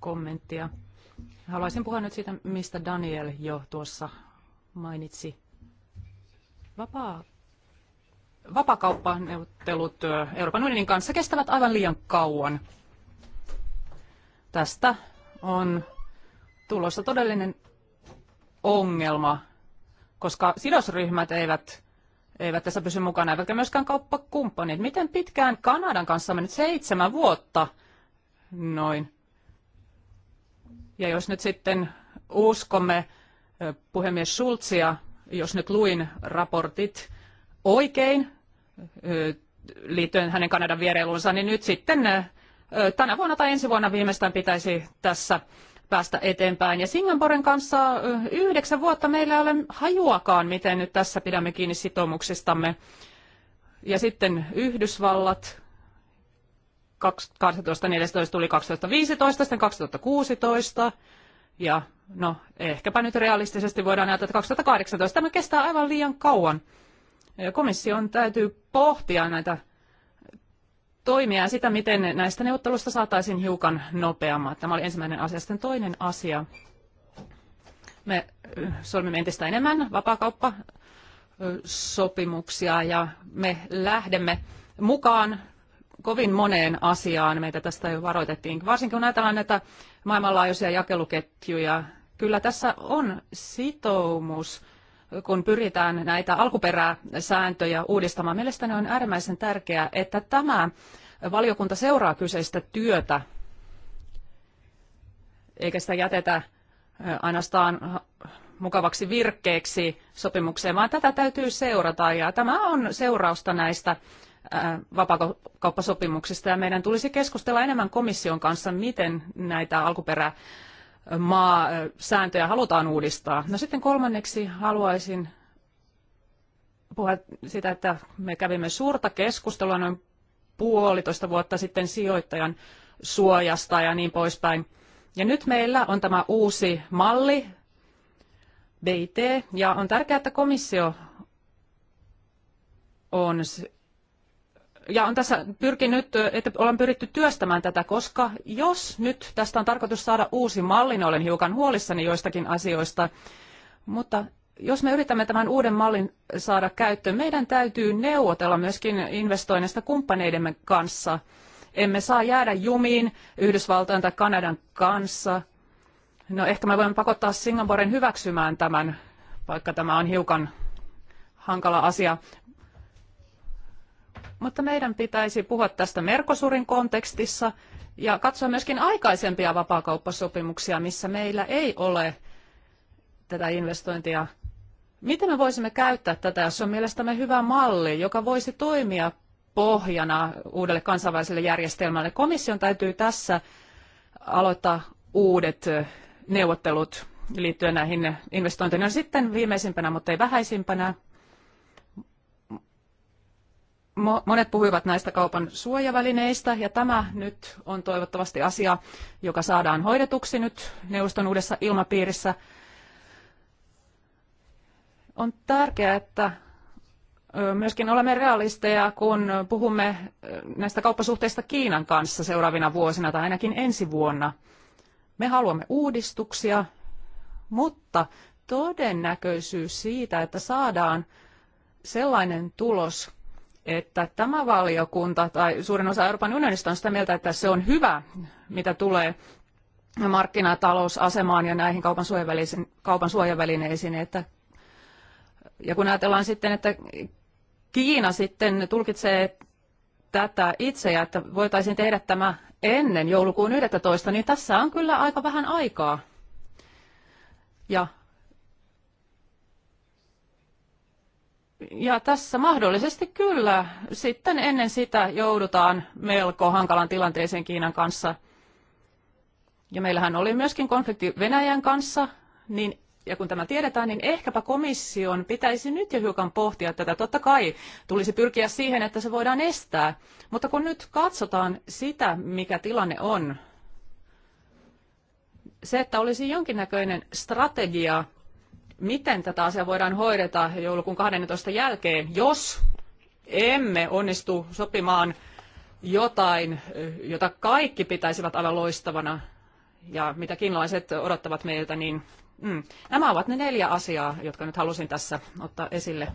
kommenttia. Haluaisin puhua nyt siitä, mistä Daniel jo tuossa mainitsi. Vapaa vapakauppaneuvottelut Euroopan unionin kanssa kestävät aivan liian kauan. Tästä on tulossa todellinen ongelma koska sidosryhmät eivät, eivät tässä pysy mukana, eivätkä myöskään kauppakumppanit. Miten pitkään Kanadan kanssa on mennyt? Seitsemän vuotta noin. Ja jos nyt sitten uskomme puhemies Schulzia, jos nyt luin raportit oikein liittyen hänen Kanadan vierailuunsa, niin nyt sitten tänä vuonna tai ensi vuonna viimeistään pitäisi tässä päästä eteenpäin. Ja Singaporen kanssa yhdeksän vuotta meillä ei ole hajuakaan, miten nyt tässä pidämme kiinni sitoumuksistamme. Ja sitten Yhdysvallat, 2014 tuli 2015, sitten 2016 ja no ehkäpä nyt realistisesti voidaan ajatella, että 2018 tämä kestää aivan liian kauan. Komission täytyy pohtia näitä toimia ja sitä, miten näistä neuvotteluista saataisiin hiukan nopeammat. Tämä oli ensimmäinen asia. Sitten toinen asia. Me solmimme entistä enemmän vapaakauppasopimuksia ja me lähdemme mukaan kovin moneen asiaan. Meitä tästä jo varoitettiin. Varsinkin kun ajatellaan näitä maailmanlaajuisia jakeluketjuja, kyllä tässä on sitoumus kun pyritään näitä alkuperäsääntöjä uudistamaan. Mielestäni on äärimmäisen tärkeää, että tämä valiokunta seuraa kyseistä työtä, eikä sitä jätetä ainoastaan mukavaksi virkkeeksi sopimukseen, vaan tätä täytyy seurata. Ja tämä on seurausta näistä vapaakauppasopimuksista ja meidän tulisi keskustella enemmän komission kanssa, miten näitä alkuperä maasääntöjä halutaan uudistaa. No sitten kolmanneksi haluaisin puhua sitä, että me kävimme suurta keskustelua noin puolitoista vuotta sitten sijoittajan suojasta ja niin poispäin. Ja nyt meillä on tämä uusi malli, BIT, ja on tärkeää, että komissio on ja on tässä pyrkinyt, että ollaan pyritty työstämään tätä, koska jos nyt tästä on tarkoitus saada uusi malli, niin olen hiukan huolissani joistakin asioista, mutta jos me yritämme tämän uuden mallin saada käyttöön, meidän täytyy neuvotella myöskin investoinnista kumppaneidemme kanssa. Emme saa jäädä jumiin Yhdysvaltojen tai Kanadan kanssa. No ehkä me voimme pakottaa Singaporen hyväksymään tämän, vaikka tämä on hiukan hankala asia. Mutta meidän pitäisi puhua tästä Merkosurin kontekstissa ja katsoa myöskin aikaisempia vapaakauppasopimuksia, missä meillä ei ole tätä investointia. Miten me voisimme käyttää tätä, jos on mielestämme hyvä malli, joka voisi toimia pohjana uudelle kansainväliselle järjestelmälle? Komission täytyy tässä aloittaa uudet neuvottelut liittyen näihin investointeihin. No sitten viimeisimpänä, mutta ei vähäisimpänä, monet puhuivat näistä kaupan suojavälineistä ja tämä nyt on toivottavasti asia, joka saadaan hoidetuksi nyt neuvoston uudessa ilmapiirissä. On tärkeää, että myöskin olemme realisteja, kun puhumme näistä kauppasuhteista Kiinan kanssa seuraavina vuosina tai ainakin ensi vuonna. Me haluamme uudistuksia, mutta todennäköisyys siitä, että saadaan sellainen tulos, että tämä valiokunta tai suurin osa Euroopan unionista on sitä mieltä, että se on hyvä, mitä tulee markkinatalousasemaan ja näihin kaupan, kaupan suojavälineisiin. Että, ja kun ajatellaan sitten, että Kiina sitten tulkitsee tätä itse ja että voitaisiin tehdä tämä ennen joulukuun 11, niin tässä on kyllä aika vähän aikaa. Ja ja tässä mahdollisesti kyllä sitten ennen sitä joudutaan melko hankalan tilanteeseen Kiinan kanssa. Ja meillähän oli myöskin konflikti Venäjän kanssa, niin ja kun tämä tiedetään, niin ehkäpä komission pitäisi nyt jo hiukan pohtia tätä. Totta kai tulisi pyrkiä siihen, että se voidaan estää. Mutta kun nyt katsotaan sitä, mikä tilanne on, se, että olisi jonkinnäköinen strategia miten tätä asiaa voidaan hoideta joulukuun 12 jälkeen, jos emme onnistu sopimaan jotain, jota kaikki pitäisivät aivan loistavana ja mitä kiinalaiset odottavat meiltä, niin mm, nämä ovat ne neljä asiaa, jotka nyt halusin tässä ottaa esille.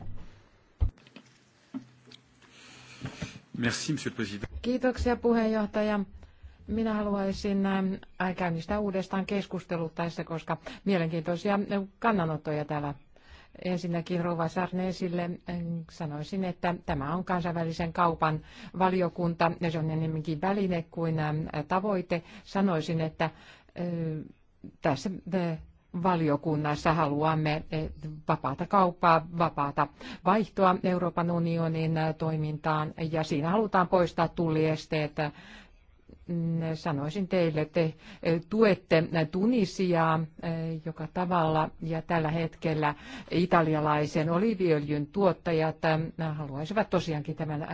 Merci, Kiitoksia puheenjohtaja. Minä haluaisin käynnistää uudestaan keskustelut tässä, koska mielenkiintoisia kannanottoja täällä Ensinnäkin Rova Sarneesille sanoisin, että tämä on kansainvälisen kaupan valiokunta ja se on enemmänkin väline kuin tavoite. Sanoisin, että tässä valiokunnassa haluamme vapaata kauppaa, vapaata vaihtoa Euroopan unionin toimintaan ja siinä halutaan poistaa tulliesteet sanoisin teille, te e, tuette Tunisiaa e, joka tavalla ja tällä hetkellä italialaisen oliiviöljyn tuottajat e, haluaisivat tosiaankin tämän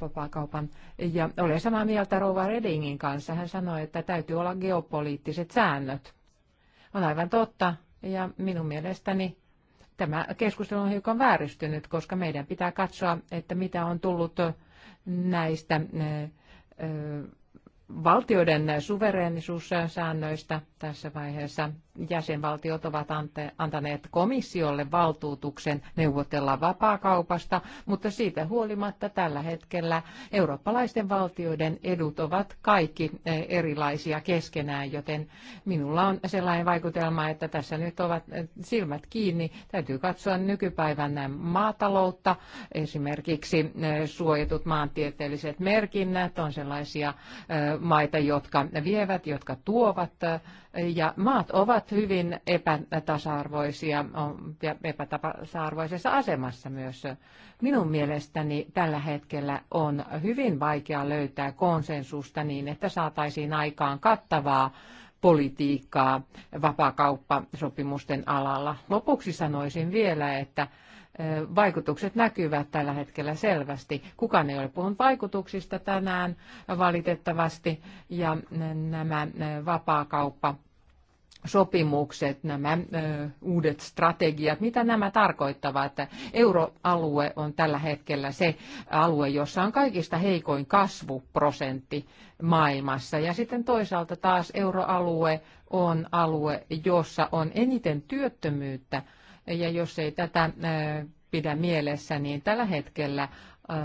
vapaakaupan. Ja olen samaa mieltä Rova Redingin kanssa. Hän sanoi, että täytyy olla geopoliittiset säännöt. On aivan totta. Ja minun mielestäni tämä keskustelu on hiukan vääristynyt, koska meidän pitää katsoa, että mitä on tullut näistä valtioiden suvereenisuussäännöistä tässä vaiheessa jäsenvaltiot ovat antaneet komissiolle valtuutuksen neuvotella vapaakaupasta, mutta siitä huolimatta tällä hetkellä eurooppalaisten valtioiden edut ovat kaikki eh, erilaisia keskenään, joten minulla on sellainen vaikutelma, että tässä nyt ovat eh, silmät kiinni. Täytyy katsoa nykypäivän eh, maataloutta, esimerkiksi suojatut maantieteelliset merkinnät on sellaisia maita, jotka vievät, jotka tuovat, ja maat ovat ovat hyvin epätasa-arvoisia ja epätasa-arvoisessa asemassa myös. Minun mielestäni tällä hetkellä on hyvin vaikea löytää konsensusta niin, että saataisiin aikaan kattavaa politiikkaa vapaakauppasopimusten alalla. Lopuksi sanoisin vielä, että vaikutukset näkyvät tällä hetkellä selvästi. Kukaan ei ole puhunut vaikutuksista tänään valitettavasti ja nämä vapaakauppa sopimukset, nämä uudet strategiat, mitä nämä tarkoittavat. että Euroalue on tällä hetkellä se alue, jossa on kaikista heikoin kasvuprosentti maailmassa. Ja sitten toisaalta taas euroalue on alue, jossa on eniten työttömyyttä. Ja jos ei tätä pidä mielessä, niin tällä hetkellä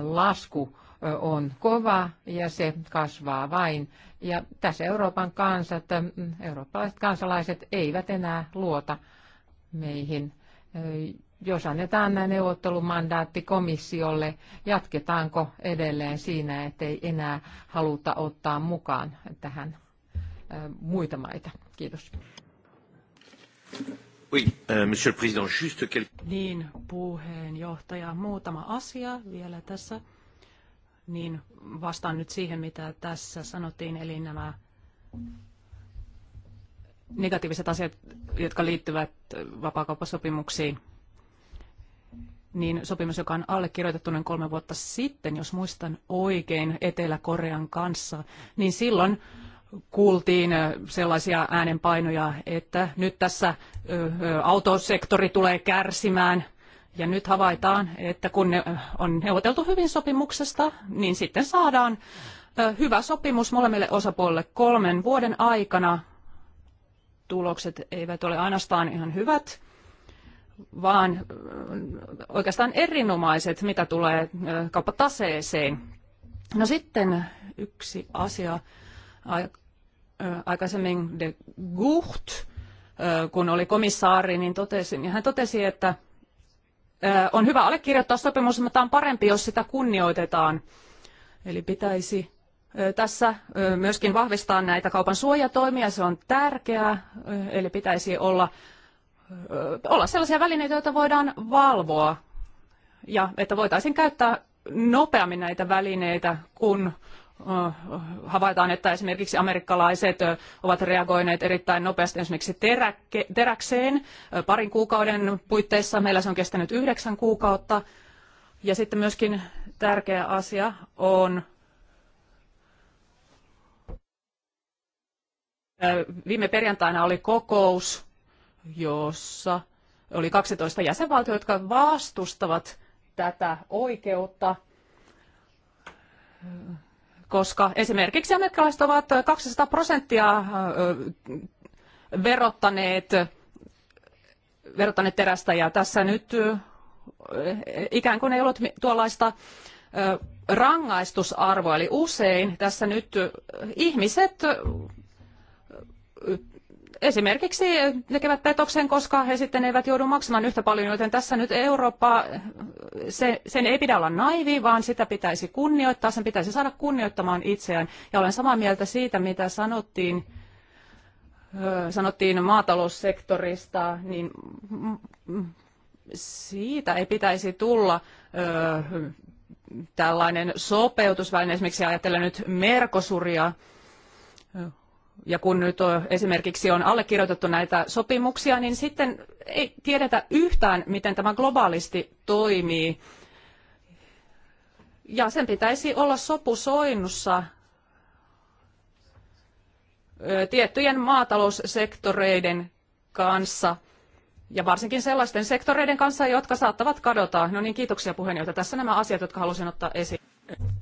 lasku on kova ja se kasvaa vain. Ja tässä Euroopan kansat, mm, eurooppalaiset kansalaiset eivät enää luota meihin. Jos annetaan neuvottelumandaatti komissiolle, jatketaanko edelleen siinä, ettei enää haluta ottaa mukaan tähän muita maita? Kiitos. Oui, euh, monsieur le Président, juste quelques... Niin, puheenjohtaja, muutama asia vielä tässä niin vastaan nyt siihen, mitä tässä sanottiin, eli nämä negatiiviset asiat, jotka liittyvät vapaakauppasopimuksiin, niin sopimus, joka on allekirjoitettu noin kolme vuotta sitten, jos muistan oikein, Etelä-Korean kanssa, niin silloin kuultiin sellaisia äänenpainoja, että nyt tässä autosektori tulee kärsimään – ja nyt havaitaan, että kun ne äh, on neuvoteltu hyvin sopimuksesta, niin sitten saadaan äh, hyvä sopimus molemmille osapuolille kolmen vuoden aikana. Tulokset eivät ole ainoastaan ihan hyvät, vaan äh, oikeastaan erinomaiset, mitä tulee kauppataseeseen. No sitten yksi asia. Aikaisemmin de Gucht, kun oli komissaari, niin totesin, niin hän totesi, että on hyvä allekirjoittaa sopimus, mutta on parempi, jos sitä kunnioitetaan. Eli pitäisi tässä myöskin vahvistaa näitä kaupan suojatoimia, se on tärkeää, eli pitäisi olla, olla sellaisia välineitä, joita voidaan valvoa ja että voitaisiin käyttää nopeammin näitä välineitä, kun havaitaan, että esimerkiksi amerikkalaiset ovat reagoineet erittäin nopeasti esimerkiksi teräkke, teräkseen. Parin kuukauden puitteissa meillä se on kestänyt yhdeksän kuukautta. Ja sitten myöskin tärkeä asia on Viime perjantaina oli kokous, jossa oli 12 jäsenvaltiota, jotka vastustavat tätä oikeutta koska esimerkiksi amerikkalaiset ovat 200 prosenttia verottaneet, verottaneet terästä ja tässä nyt ikään kuin ei ollut tuollaista rangaistusarvoa, eli usein tässä nyt ihmiset esimerkiksi tekevät petoksen, koska he sitten eivät joudu maksamaan yhtä paljon, joten tässä nyt Eurooppa, se, sen ei pidä olla naivi, vaan sitä pitäisi kunnioittaa, sen pitäisi saada kunnioittamaan itseään. Ja olen samaa mieltä siitä, mitä sanottiin, sanottiin maataloussektorista, niin siitä ei pitäisi tulla tällainen sopeutusväline, esimerkiksi ajatellen nyt merkosuria, ja kun nyt esimerkiksi on allekirjoitettu näitä sopimuksia, niin sitten ei tiedetä yhtään, miten tämä globaalisti toimii. Ja sen pitäisi olla sopusoinnussa tiettyjen maataloussektoreiden kanssa ja varsinkin sellaisten sektoreiden kanssa, jotka saattavat kadota. No niin, kiitoksia puheenjohtaja. Tässä nämä asiat, jotka halusin ottaa esiin.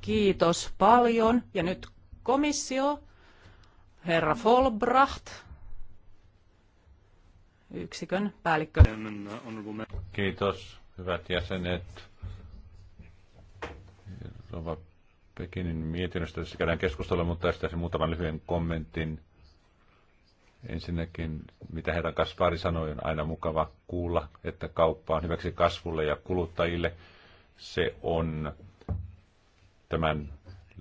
Kiitos paljon. Ja nyt komissio herra Volbracht, yksikön päällikkö. Kiitos, hyvät jäsenet. Rova Pekinin mietinnöstä tässä käydään keskustelua, mutta tästä muutaman lyhyen kommentin. Ensinnäkin, mitä herra Kaspari sanoi, on aina mukava kuulla, että kauppa on hyväksi kasvulle ja kuluttajille. Se on tämän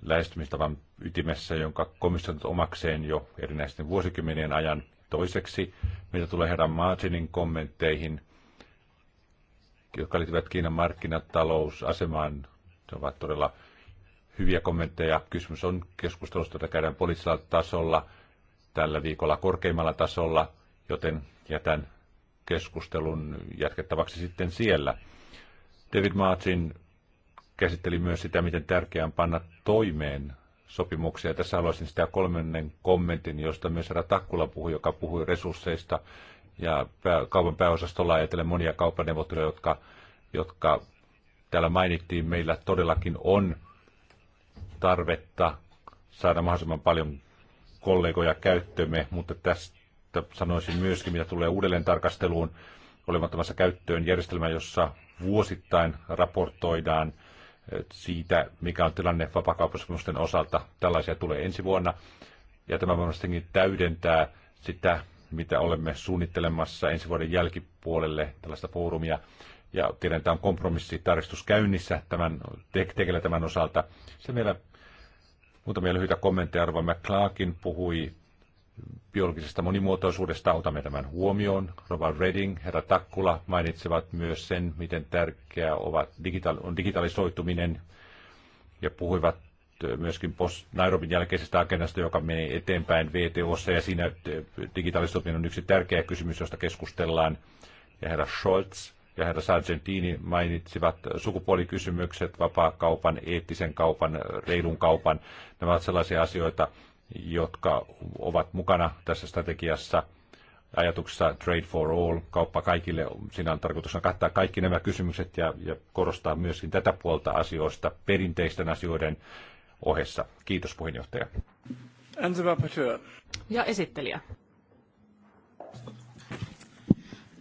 lähestymistavan ytimessä, jonka komissio on omakseen jo erinäisten vuosikymmenien ajan. Toiseksi, mitä tulee herran Martinin kommentteihin, jotka liittyvät Kiinan markkinatalousasemaan, ne ovat todella hyviä kommentteja. Kysymys on keskustelusta, jota käydään poliittisella tasolla, tällä viikolla korkeimmalla tasolla, joten jätän keskustelun jatkettavaksi sitten siellä. David Martin käsitteli myös sitä, miten tärkeää on panna toimeen sopimuksia. Tässä haluaisin sitä kolmennen kommentin, josta myös herra Takkula puhui, joka puhui resursseista. Ja kaupan pääosastolla ajatellen monia kauppaneuvotteluja, jotka, jotka täällä mainittiin, meillä todellakin on tarvetta saada mahdollisimman paljon kollegoja käyttöömme, mutta tästä sanoisin myöskin, mitä tulee uudelleen tarkasteluun, olemattomassa käyttöön järjestelmä, jossa vuosittain raportoidaan – siitä, mikä on tilanne vapakauppasopimusten osalta. Tällaisia tulee ensi vuonna. Ja tämä varmasti täydentää sitä, mitä olemme suunnittelemassa ensi vuoden jälkipuolelle tällaista foorumia. Ja tiedän, että on kompromissitarkistus käynnissä tämän, tekellä tämän osalta. Se vielä muutamia lyhyitä kommentteja. Arvo McClarkin puhui biologisesta monimuotoisuudesta otamme tämän huomioon. Robert Redding, herra Takkula mainitsevat myös sen, miten tärkeää ovat digitaal- on digitalisoituminen ja puhuivat myöskin post Nairobin jälkeisestä agendasta, joka menee eteenpäin VTOssa ja siinä digitalisoituminen on yksi tärkeä kysymys, josta keskustellaan. Ja herra Scholz ja herra Sargentini mainitsivat sukupuolikysymykset, vapaakaupan, eettisen kaupan, reilun kaupan. Nämä ovat sellaisia asioita, jotka ovat mukana tässä strategiassa – ajatuksessa Trade for All, kauppa kaikille, siinä on tarkoitus kattaa kaikki nämä kysymykset ja, ja korostaa myöskin tätä puolta asioista perinteisten asioiden ohessa. Kiitos puheenjohtaja. Ja esittelijä.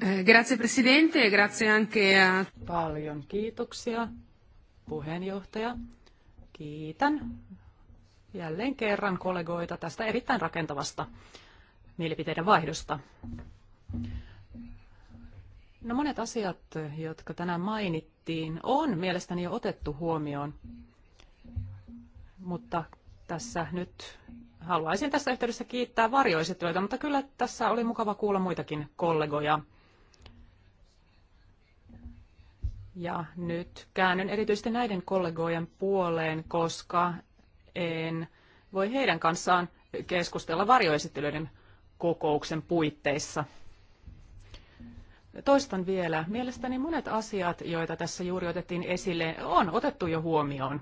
Eh, grazie Presidente, grazie anche a... Paljon kiitoksia puheenjohtaja. Kiitän jälleen kerran kollegoita tästä erittäin rakentavasta mielipiteiden vaihdosta. No monet asiat, jotka tänään mainittiin, on mielestäni jo otettu huomioon, mutta tässä nyt haluaisin tässä yhteydessä kiittää varjoisetyötä, mutta kyllä tässä oli mukava kuulla muitakin kollegoja. Ja nyt käännyn erityisesti näiden kollegojen puoleen, koska en voi heidän kanssaan keskustella varjoesittelyiden kokouksen puitteissa. Toistan vielä. Mielestäni monet asiat, joita tässä juuri otettiin esille, on otettu jo huomioon.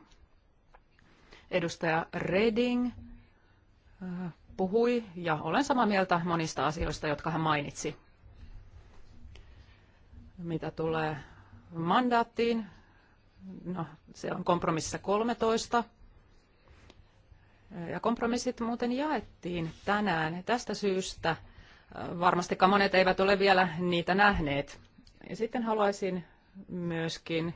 Edustaja Reding äh, puhui, ja olen samaa mieltä monista asioista, jotka hän mainitsi. Mitä tulee mandaattiin, no, se on kompromississa 13, ja kompromissit muuten jaettiin tänään. Tästä syystä äh, varmastikaan monet eivät ole vielä niitä nähneet. Ja sitten haluaisin myöskin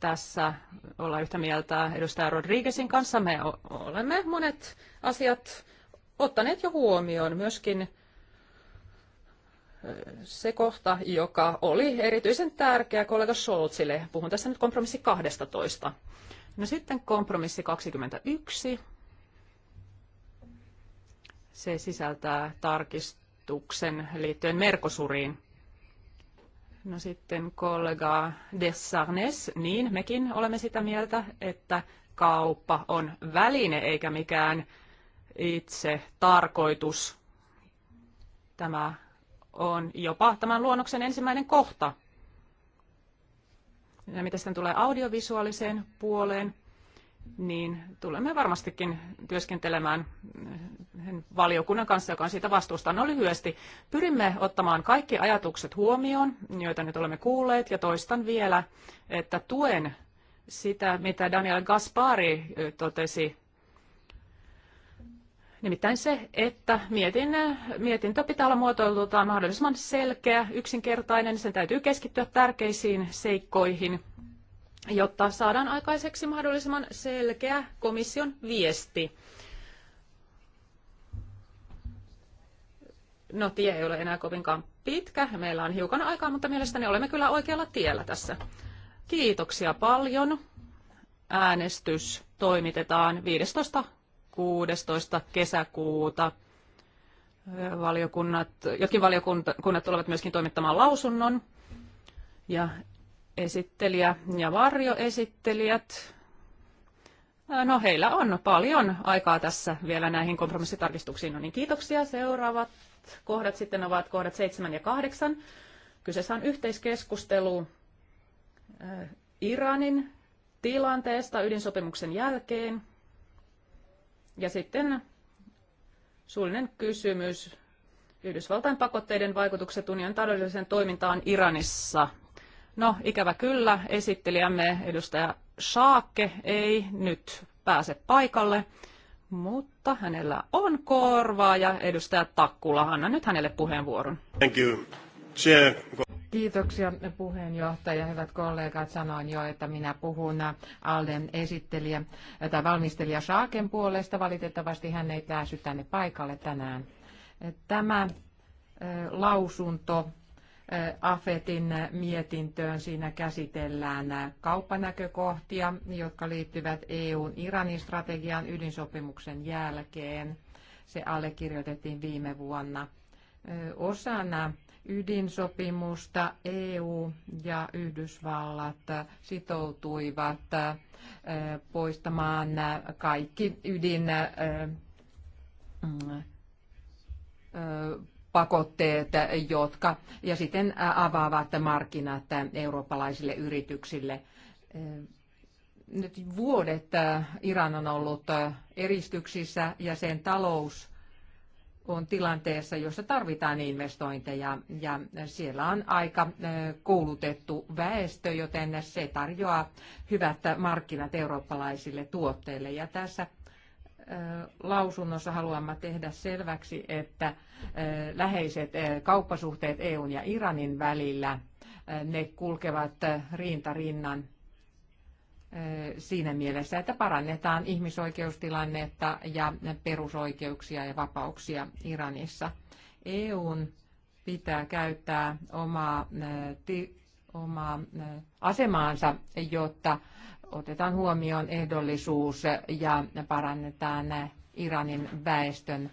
tässä olla yhtä mieltä edustaja Rodriguezin kanssa. Me olemme monet asiat ottaneet jo huomioon, myöskin se kohta, joka oli erityisen tärkeä kollega Scholzille. Puhun tässä nyt kompromissi 12. No sitten kompromissi 21 se sisältää tarkistuksen liittyen Merkosuriin. No sitten kollega Dessarnes, niin mekin olemme sitä mieltä, että kauppa on väline eikä mikään itse tarkoitus. Tämä on jopa tämän luonnoksen ensimmäinen kohta. Ja mitä sitten tulee audiovisuaaliseen puoleen, niin tulemme varmastikin työskentelemään valiokunnan kanssa, joka on siitä vastuusta. No lyhyesti, pyrimme ottamaan kaikki ajatukset huomioon, joita nyt olemme kuulleet, ja toistan vielä, että tuen sitä, mitä Daniel Gaspari totesi, nimittäin se, että mietin, mietintö pitää olla muotoilultaan mahdollisimman selkeä, yksinkertainen, sen täytyy keskittyä tärkeisiin seikkoihin – jotta saadaan aikaiseksi mahdollisimman selkeä komission viesti. No, tie ei ole enää kovinkaan pitkä. Meillä on hiukan aikaa, mutta mielestäni olemme kyllä oikealla tiellä tässä. Kiitoksia paljon. Äänestys toimitetaan 15.16. kesäkuuta. Valiokunnat, jotkin valiokunnat tulevat myöskin toimittamaan lausunnon. Ja esittelijä ja varjoesittelijät. Äh, no heillä on paljon aikaa tässä vielä näihin kompromissitarkistuksiin. No niin, kiitoksia. Seuraavat kohdat sitten ovat kohdat 7 ja 8. Kyseessä on yhteiskeskustelu äh, Iranin tilanteesta ydinsopimuksen jälkeen. Ja sitten suullinen kysymys Yhdysvaltain pakotteiden vaikutukset unionin taloudelliseen toimintaan Iranissa. No, ikävä kyllä, esittelijämme edustaja Saakke ei nyt pääse paikalle, mutta hänellä on korvaa ja edustaja Takkula, anna nyt hänelle puheenvuoron. Thank you. Kiitoksia puheenjohtaja. Hyvät kollegat, sanoin jo, että minä puhun Alden esittelijä tai valmistelija Saaken puolesta. Valitettavasti hän ei päässyt tänne paikalle tänään. Tämä lausunto AFETin mietintöön. Siinä käsitellään kauppanäkökohtia, jotka liittyvät EUn Iranin strategian ydinsopimuksen jälkeen. Se allekirjoitettiin viime vuonna. Osana ydinsopimusta EU ja Yhdysvallat sitoutuivat poistamaan kaikki ydin mm, pakotteet, jotka ja sitten avaavat markkinat eurooppalaisille yrityksille. Nyt vuodet Iran on ollut eristyksissä ja sen talous on tilanteessa, jossa tarvitaan investointeja ja siellä on aika koulutettu väestö, joten se tarjoaa hyvät markkinat eurooppalaisille tuotteille. Ja tässä lausunnossa haluamme tehdä selväksi, että läheiset kauppasuhteet EUn ja Iranin välillä, ne kulkevat rinta rinnan siinä mielessä, että parannetaan ihmisoikeustilannetta ja perusoikeuksia ja vapauksia Iranissa. EUn pitää käyttää omaa, omaa asemaansa, jotta otetaan huomioon ehdollisuus ja parannetaan Iranin väestön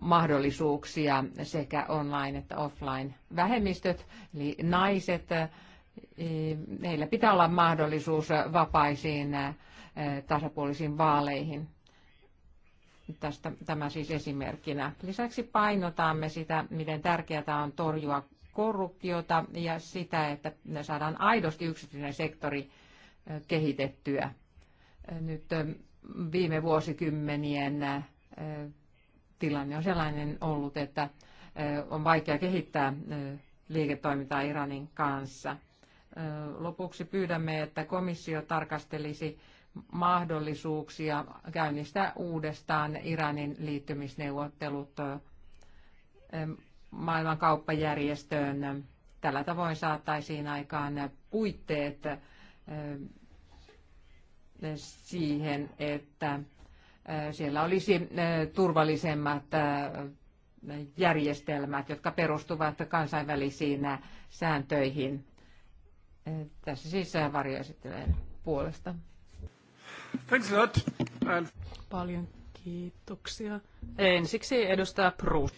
mahdollisuuksia sekä online että offline vähemmistöt, eli naiset, heillä pitää olla mahdollisuus vapaisiin tasapuolisiin vaaleihin. Tästä, tämä siis esimerkkinä. Lisäksi painotamme sitä, miten tärkeää on torjua korruptiota ja sitä, että saadaan aidosti yksityinen sektori kehitettyä. Nyt viime vuosikymmenien tilanne on sellainen ollut, että on vaikea kehittää liiketoimintaa Iranin kanssa. Lopuksi pyydämme, että komissio tarkastelisi mahdollisuuksia käynnistää uudestaan Iranin liittymisneuvottelut maailmankauppajärjestöön. Tällä tavoin saataisiin aikaan puitteet siihen, että siellä olisi turvallisemmat järjestelmät, jotka perustuvat kansainvälisiin sääntöihin. Tässä siis varjoesittelijän puolesta. Thanks a lot. Paljon kiitoksia. Ensiksi edustaja Proust.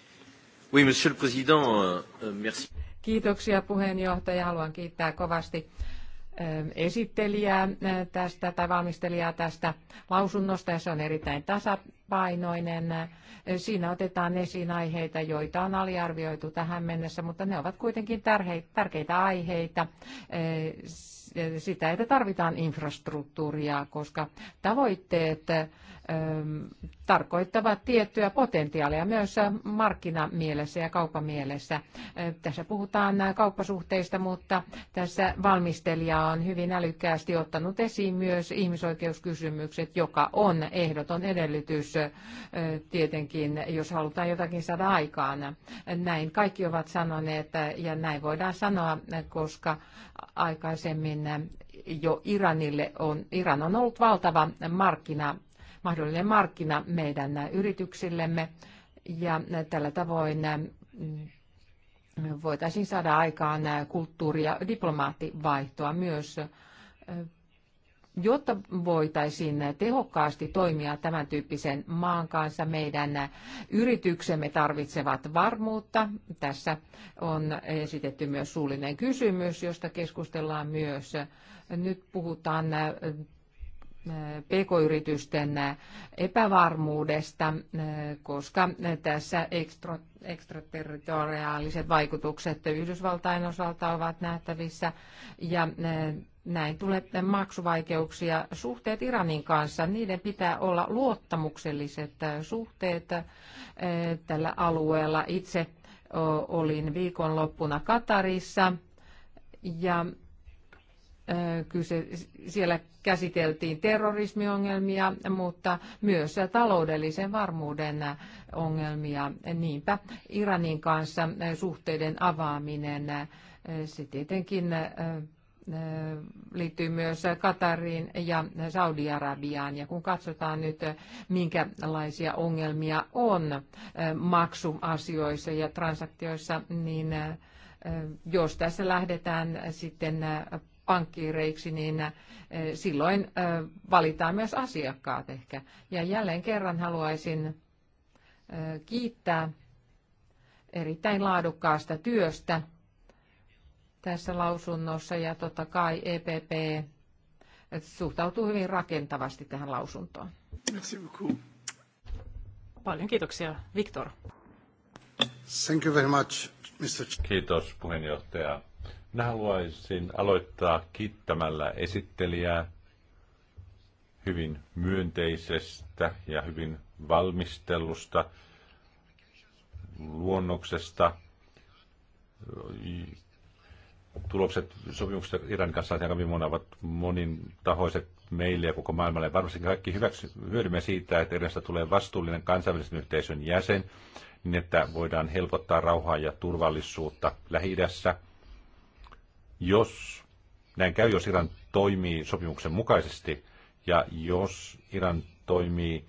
Oui, monsieur le président, euh, euh, merci. Kiitoksia puheenjohtaja. Haluan kiittää kovasti Ähm, esittelijää äh, tästä tai valmistelijaa tästä lausunnosta ja se on erittäin tasapainoinen. Äh, siinä otetaan esiin aiheita, joita on aliarvioitu tähän mennessä, mutta ne ovat kuitenkin tärkeitä aiheita. Äh, sitä, että tarvitaan infrastruktuuria, koska tavoitteet Ähm, tarkoittavat tiettyä potentiaalia myös markkinamielessä ja kaupamielessä. Äh, tässä puhutaan kauppasuhteista, mutta tässä valmistelija on hyvin älykkäästi ottanut esiin myös ihmisoikeuskysymykset, joka on ehdoton edellytys äh, tietenkin, jos halutaan jotakin saada aikaan. Näin kaikki ovat sanoneet ja näin voidaan sanoa, koska aikaisemmin jo Iranille on, Iran on ollut valtava markkina mahdollinen markkina meidän yrityksillemme ja tällä tavoin mm, voitaisiin saada aikaan äh, kulttuuri- ja diplomaattivaihtoa myös, äh, jotta voitaisiin tehokkaasti toimia tämän tyyppisen maan kanssa. Meidän yrityksemme tarvitsevat varmuutta. Tässä on esitetty myös suullinen kysymys, josta keskustellaan myös. Nyt puhutaan äh, pk-yritysten epävarmuudesta, koska tässä ekstra, ekstraterritoriaaliset vaikutukset Yhdysvaltain osalta ovat nähtävissä ja näin tulee maksuvaikeuksia. Suhteet Iranin kanssa, niiden pitää olla luottamukselliset suhteet tällä alueella. Itse olin viikonloppuna Katarissa ja Kyse, siellä käsiteltiin terrorismiongelmia, mutta myös taloudellisen varmuuden ongelmia. Niinpä Iranin kanssa suhteiden avaaminen, se tietenkin liittyy myös Katariin ja Saudi-Arabiaan. Ja kun katsotaan nyt, minkälaisia ongelmia on maksuasioissa ja transaktioissa, niin jos tässä lähdetään sitten pankkiireiksi, niin eh, silloin eh, valitaan myös asiakkaat ehkä. Ja jälleen kerran haluaisin eh, kiittää erittäin laadukkaasta työstä tässä lausunnossa ja totta kai EPP suhtautuu hyvin rakentavasti tähän lausuntoon. Merci Paljon kiitoksia, Viktor. Thank you very much, Mr. Kiitos puheenjohtaja. Minä haluaisin aloittaa kiittämällä esittelijää hyvin myönteisestä ja hyvin valmistelusta luonnoksesta. Tulokset sopimuksesta Iranin kanssa ja Ravimona ovat tahoiset meille ja koko maailmalle. Varmasti kaikki hyväksy, hyödymme siitä, että Iranista tulee vastuullinen kansainvälisen yhteisön jäsen, niin että voidaan helpottaa rauhaa ja turvallisuutta lähi -idässä. Jos näin käy, jos Iran toimii sopimuksen mukaisesti ja jos Iran toimii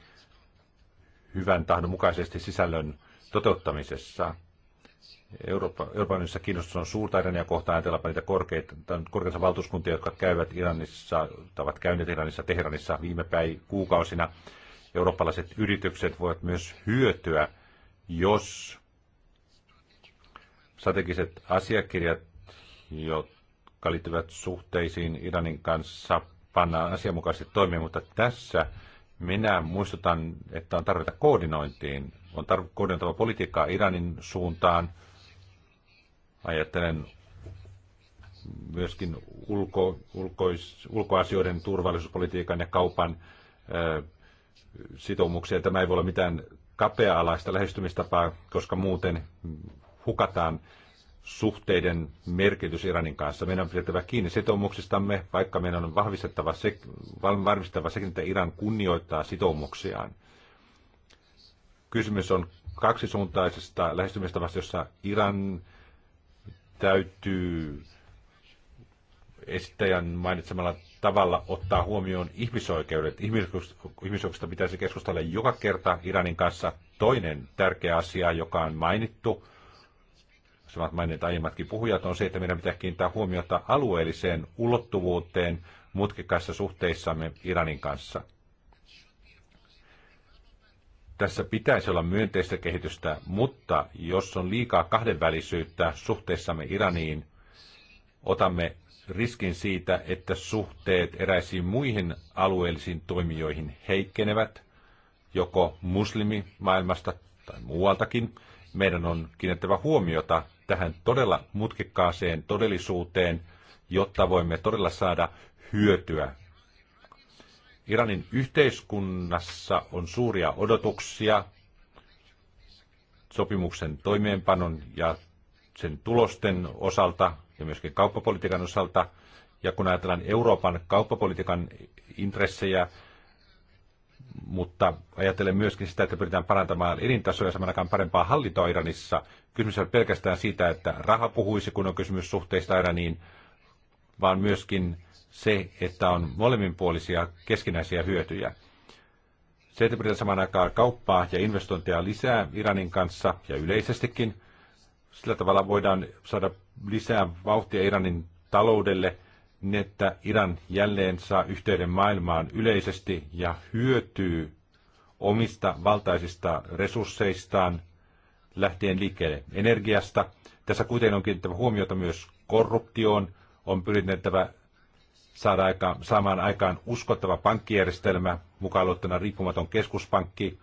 hyvän tahdon mukaisesti sisällön toteuttamisessa, Eurooppa, Euroopan unionissa kiinnostus on suurta Irania kohtaan, ajatellaanpa niitä korkeita, korkeita valtuuskuntia, jotka käyvät Iranissa, tai ovat käyneet Iranissa, Teheranissa viime päin kuukausina. Eurooppalaiset yritykset voivat myös hyötyä, jos strategiset asiakirjat, jotka jotka liittyvät suhteisiin Iranin kanssa, pannaan asianmukaisesti toimia, mutta tässä minä muistutan, että on tarvita koordinointiin. On tar- koordinoitava politiikkaa Iranin suuntaan. Ajattelen myöskin ulko, ulkois, ulkoasioiden turvallisuuspolitiikan ja kaupan ö, sitoumuksia. Tämä ei voi olla mitään kapea-alaista lähestymistapaa, koska muuten hukataan suhteiden merkitys Iranin kanssa. Meidän on pidettävä kiinni sitoumuksistamme, vaikka meidän on vahvistettava se, varmistettava sekin, että Iran kunnioittaa sitoumuksiaan. Kysymys on kaksisuuntaisesta lähestymistavasta, jossa Iran täytyy esittäjän mainitsemalla tavalla ottaa huomioon ihmisoikeudet. Ihmisoikeudesta pitäisi keskustella joka kerta Iranin kanssa. Toinen tärkeä asia, joka on mainittu, samat mainit aiemmatkin puhujat, on se, että meidän pitää kiinnittää huomiota alueelliseen ulottuvuuteen mutkikkaissa suhteissamme Iranin kanssa. Tässä pitäisi olla myönteistä kehitystä, mutta jos on liikaa kahdenvälisyyttä suhteessamme Iraniin, otamme riskin siitä, että suhteet eräisiin muihin alueellisiin toimijoihin heikkenevät, joko muslimimaailmasta tai muualtakin. Meidän on kiinnittävä huomiota tähän todella mutkikkaaseen todellisuuteen, jotta voimme todella saada hyötyä. Iranin yhteiskunnassa on suuria odotuksia sopimuksen toimeenpanon ja sen tulosten osalta ja myöskin kauppapolitiikan osalta. Ja kun ajatellaan Euroopan kauppapolitiikan intressejä, mutta ajattelen myöskin sitä, että pyritään parantamaan elintasoa ja saman parempaa hallintoa Iranissa. Kysymys on pelkästään siitä, että raha puhuisi, kun on kysymys suhteista Iraniin, vaan myöskin se, että on molemminpuolisia keskinäisiä hyötyjä. Se, että pyritään samaan aikaan kauppaa ja investointeja lisää Iranin kanssa ja yleisestikin, sillä tavalla voidaan saada lisää vauhtia Iranin taloudelle – niin että Iran jälleen saa yhteyden maailmaan yleisesti ja hyötyy omista valtaisista resursseistaan lähtien liikkeelle energiasta. Tässä kuitenkin on kiinnitettävä huomiota myös korruptioon, on pyritettävä saada aika, saamaan aikaan uskottava pankkijärjestelmä, mukaan luottuna riippumaton keskuspankki,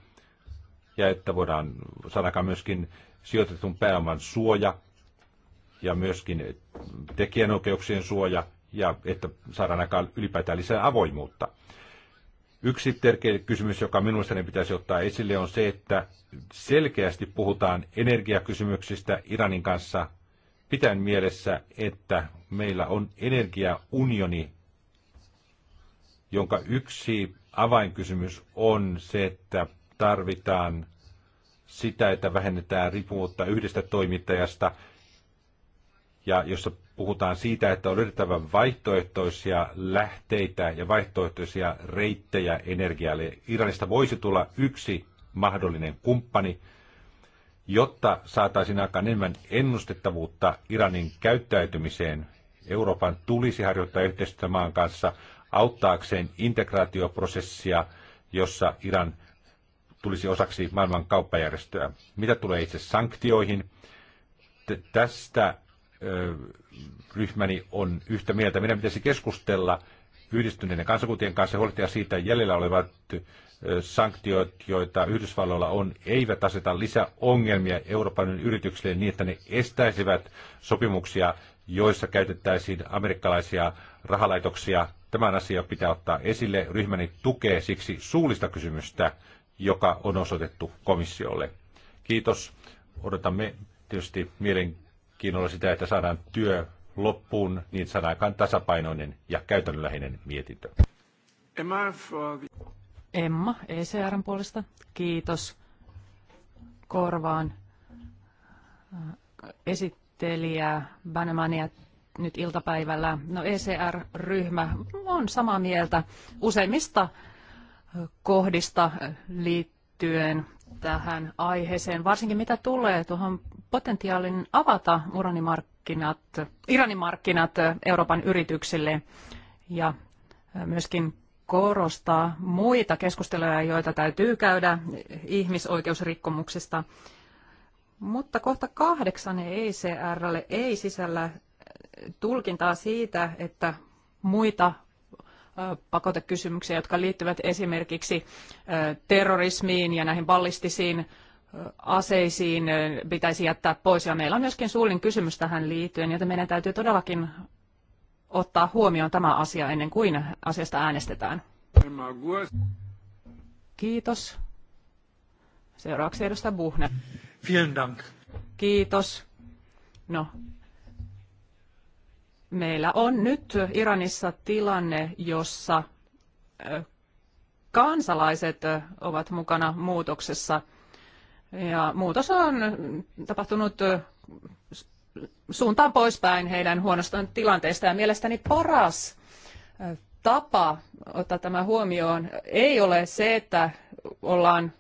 ja että voidaan saada aikaan myöskin sijoitetun pääoman suoja ja myöskin tekijänoikeuksien suoja – ja että saadaan aikaan ylipäätään lisää avoimuutta. Yksi tärkeä kysymys, joka minusta pitäisi ottaa esille, on se, että selkeästi puhutaan energiakysymyksistä Iranin kanssa pitäen mielessä, että meillä on energiaunioni, jonka yksi avainkysymys on se, että tarvitaan sitä, että vähennetään riippuvuutta yhdestä toimittajasta, ja jossa puhutaan siitä, että on löydettävä vaihtoehtoisia lähteitä ja vaihtoehtoisia reittejä energialle. Iranista voisi tulla yksi mahdollinen kumppani, jotta saataisiin aika enemmän ennustettavuutta Iranin käyttäytymiseen. Euroopan tulisi harjoittaa yhteistyötä maan kanssa auttaakseen integraatioprosessia, jossa Iran tulisi osaksi maailman kauppajärjestöä. Mitä tulee itse sanktioihin, tästä ryhmäni on yhtä mieltä. Meidän pitäisi keskustella yhdistyneiden kansakuntien kanssa ja huolehtia siitä jäljellä olevat sanktiot, joita Yhdysvalloilla on, eivät aseta lisäongelmia Euroopan yrityksille niin, että ne estäisivät sopimuksia, joissa käytettäisiin amerikkalaisia rahalaitoksia. Tämän asia pitää ottaa esille. Ryhmäni tukee siksi suullista kysymystä, joka on osoitettu komissiolle. Kiitos. Odotamme tietysti mielenkiintoista kiinnolla sitä, että saadaan työ loppuun, niin saadaan aikaan tasapainoinen ja käytännönläheinen mietintö. Emma, Emma ECRn puolesta. Kiitos korvaan äh, esittelijä Bannemania nyt iltapäivällä. No ECR-ryhmä on samaa mieltä useimmista äh, kohdista äh, liittyen tähän aiheeseen, varsinkin mitä tulee tuohon potentiaalin avata uranimarkkinat, Iranin markkinat Euroopan yrityksille ja myöskin korostaa muita keskusteluja, joita täytyy käydä ihmisoikeusrikkomuksista. Mutta kohta kahdeksan EICRlle ei sisällä tulkintaa siitä, että muita pakotekysymyksiä, jotka liittyvät esimerkiksi terrorismiin ja näihin ballistisiin aseisiin pitäisi jättää pois. Ja meillä on myöskin suullinen kysymys tähän liittyen, joten meidän täytyy todellakin ottaa huomioon tämä asia ennen kuin asiasta äänestetään. Kiitos. Seuraavaksi edustaja Buhne. Vielen dank. Kiitos. No, meillä on nyt Iranissa tilanne, jossa kansalaiset ovat mukana muutoksessa – ja muutos on tapahtunut suuntaan poispäin heidän huonosta tilanteesta. Ja mielestäni paras tapa ottaa tämä huomioon ei ole se, että ollaan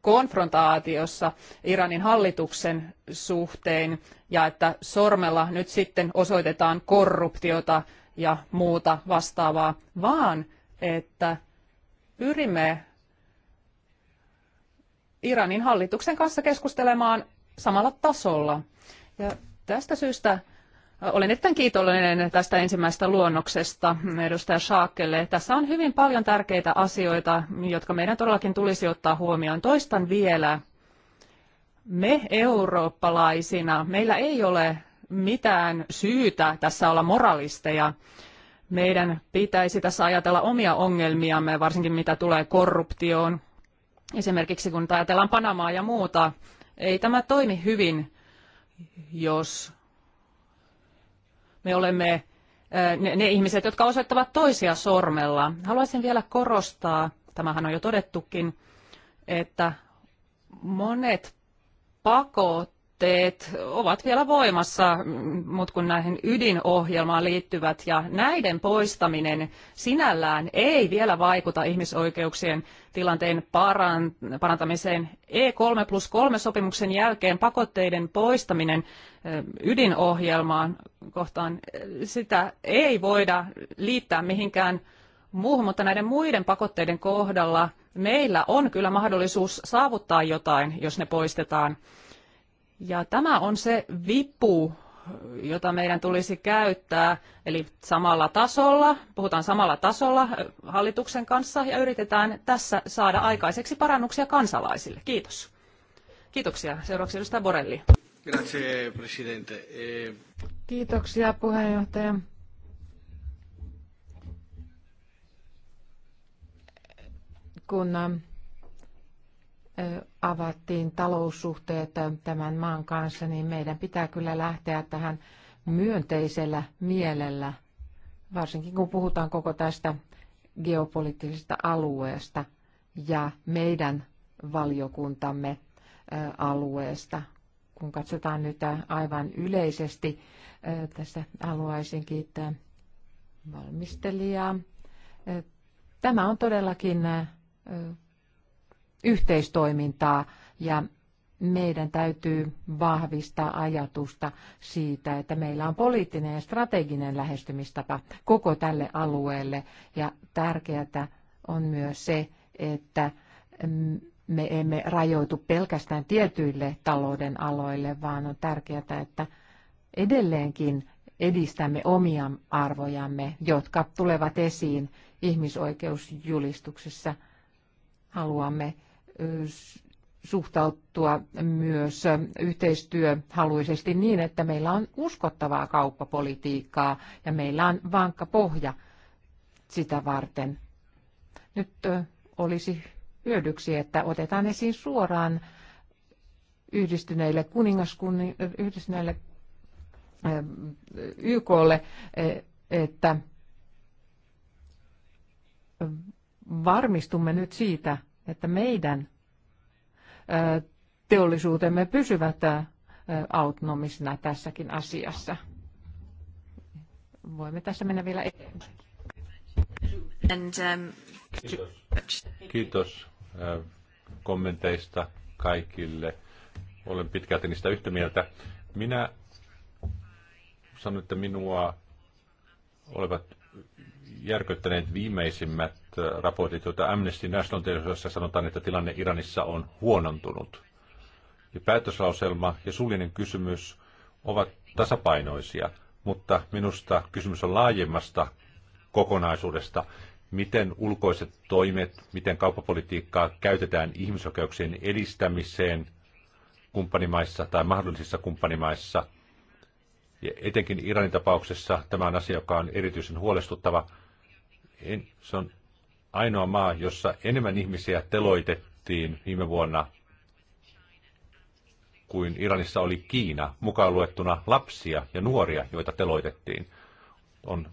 konfrontaatiossa Iranin hallituksen suhteen ja että sormella nyt sitten osoitetaan korruptiota ja muuta vastaavaa, vaan että pyrimme Iranin hallituksen kanssa keskustelemaan samalla tasolla. Ja tästä syystä olen erittäin kiitollinen tästä ensimmäisestä luonnoksesta edustaja Schaakelle. Tässä on hyvin paljon tärkeitä asioita, jotka meidän todellakin tulisi ottaa huomioon. Toistan vielä, me eurooppalaisina, meillä ei ole mitään syytä tässä olla moralisteja. Meidän pitäisi tässä ajatella omia ongelmiamme, varsinkin mitä tulee korruptioon, Esimerkiksi kun ajatellaan Panamaa ja muuta, ei tämä toimi hyvin, jos me olemme ne, ne ihmiset, jotka osoittavat toisia sormella. Haluaisin vielä korostaa, tämähän on jo todettukin, että monet pakot tavoitteet ovat vielä voimassa, mutta kun näihin ydinohjelmaan liittyvät ja näiden poistaminen sinällään ei vielä vaikuta ihmisoikeuksien tilanteen parantamiseen. E3 plus 3 sopimuksen jälkeen pakotteiden poistaminen eh, ydinohjelmaan kohtaan, eh, sitä ei voida liittää mihinkään muuhun, mutta näiden muiden pakotteiden kohdalla meillä on kyllä mahdollisuus saavuttaa jotain, jos ne poistetaan. Ja tämä on se vipu, jota meidän tulisi käyttää, eli samalla tasolla, puhutaan samalla tasolla hallituksen kanssa ja yritetään tässä saada aikaiseksi parannuksia kansalaisille. Kiitos. Kiitoksia. Seuraavaksi edustaja Borelli. Eh, Kiitoksia puheenjohtaja. Kun ähm, avattiin taloussuhteet tämän maan kanssa, niin meidän pitää kyllä lähteä tähän myönteisellä mielellä, varsinkin kun puhutaan koko tästä geopoliittisesta alueesta ja meidän valiokuntamme alueesta. Kun katsotaan nyt aivan yleisesti, tässä haluaisin kiittää valmistelijaa. Tämä on todellakin yhteistoimintaa ja meidän täytyy vahvistaa ajatusta siitä, että meillä on poliittinen ja strateginen lähestymistapa koko tälle alueelle. Ja tärkeää on myös se, että me emme rajoitu pelkästään tietyille talouden aloille, vaan on tärkeää, että edelleenkin edistämme omia arvojamme, jotka tulevat esiin ihmisoikeusjulistuksessa. Haluamme suhtautua myös yhteistyöhaluisesti niin, että meillä on uskottavaa kauppapolitiikkaa ja meillä on vankka pohja sitä varten. Nyt olisi hyödyksi, että otetaan esiin suoraan yhdistyneille yhdistyneille YKlle, e, että varmistumme nyt siitä, että meidän teollisuutemme pysyvät autonomisina tässäkin asiassa. Voimme tässä mennä vielä eteenpäin. Um, Kiitos. Kiitos kommenteista kaikille. Olen pitkälti niistä yhtä mieltä. Minä sanon, että minua olevat järkyttäneet viimeisimmät Äh, raportit, joita Amnesty National tehdään, jossa sanotaan, että tilanne Iranissa on huonontunut. Ja päätöslauselma ja suullinen kysymys ovat tasapainoisia, mutta minusta kysymys on laajemmasta kokonaisuudesta, miten ulkoiset toimet, miten kauppapolitiikkaa käytetään ihmisoikeuksien edistämiseen kumppanimaissa tai mahdollisissa kumppanimaissa. Ja etenkin Iranin tapauksessa tämä on asia, joka on erityisen huolestuttava. En, se on ainoa maa, jossa enemmän ihmisiä teloitettiin viime vuonna kuin Iranissa oli Kiina, mukaan luettuna lapsia ja nuoria, joita teloitettiin. On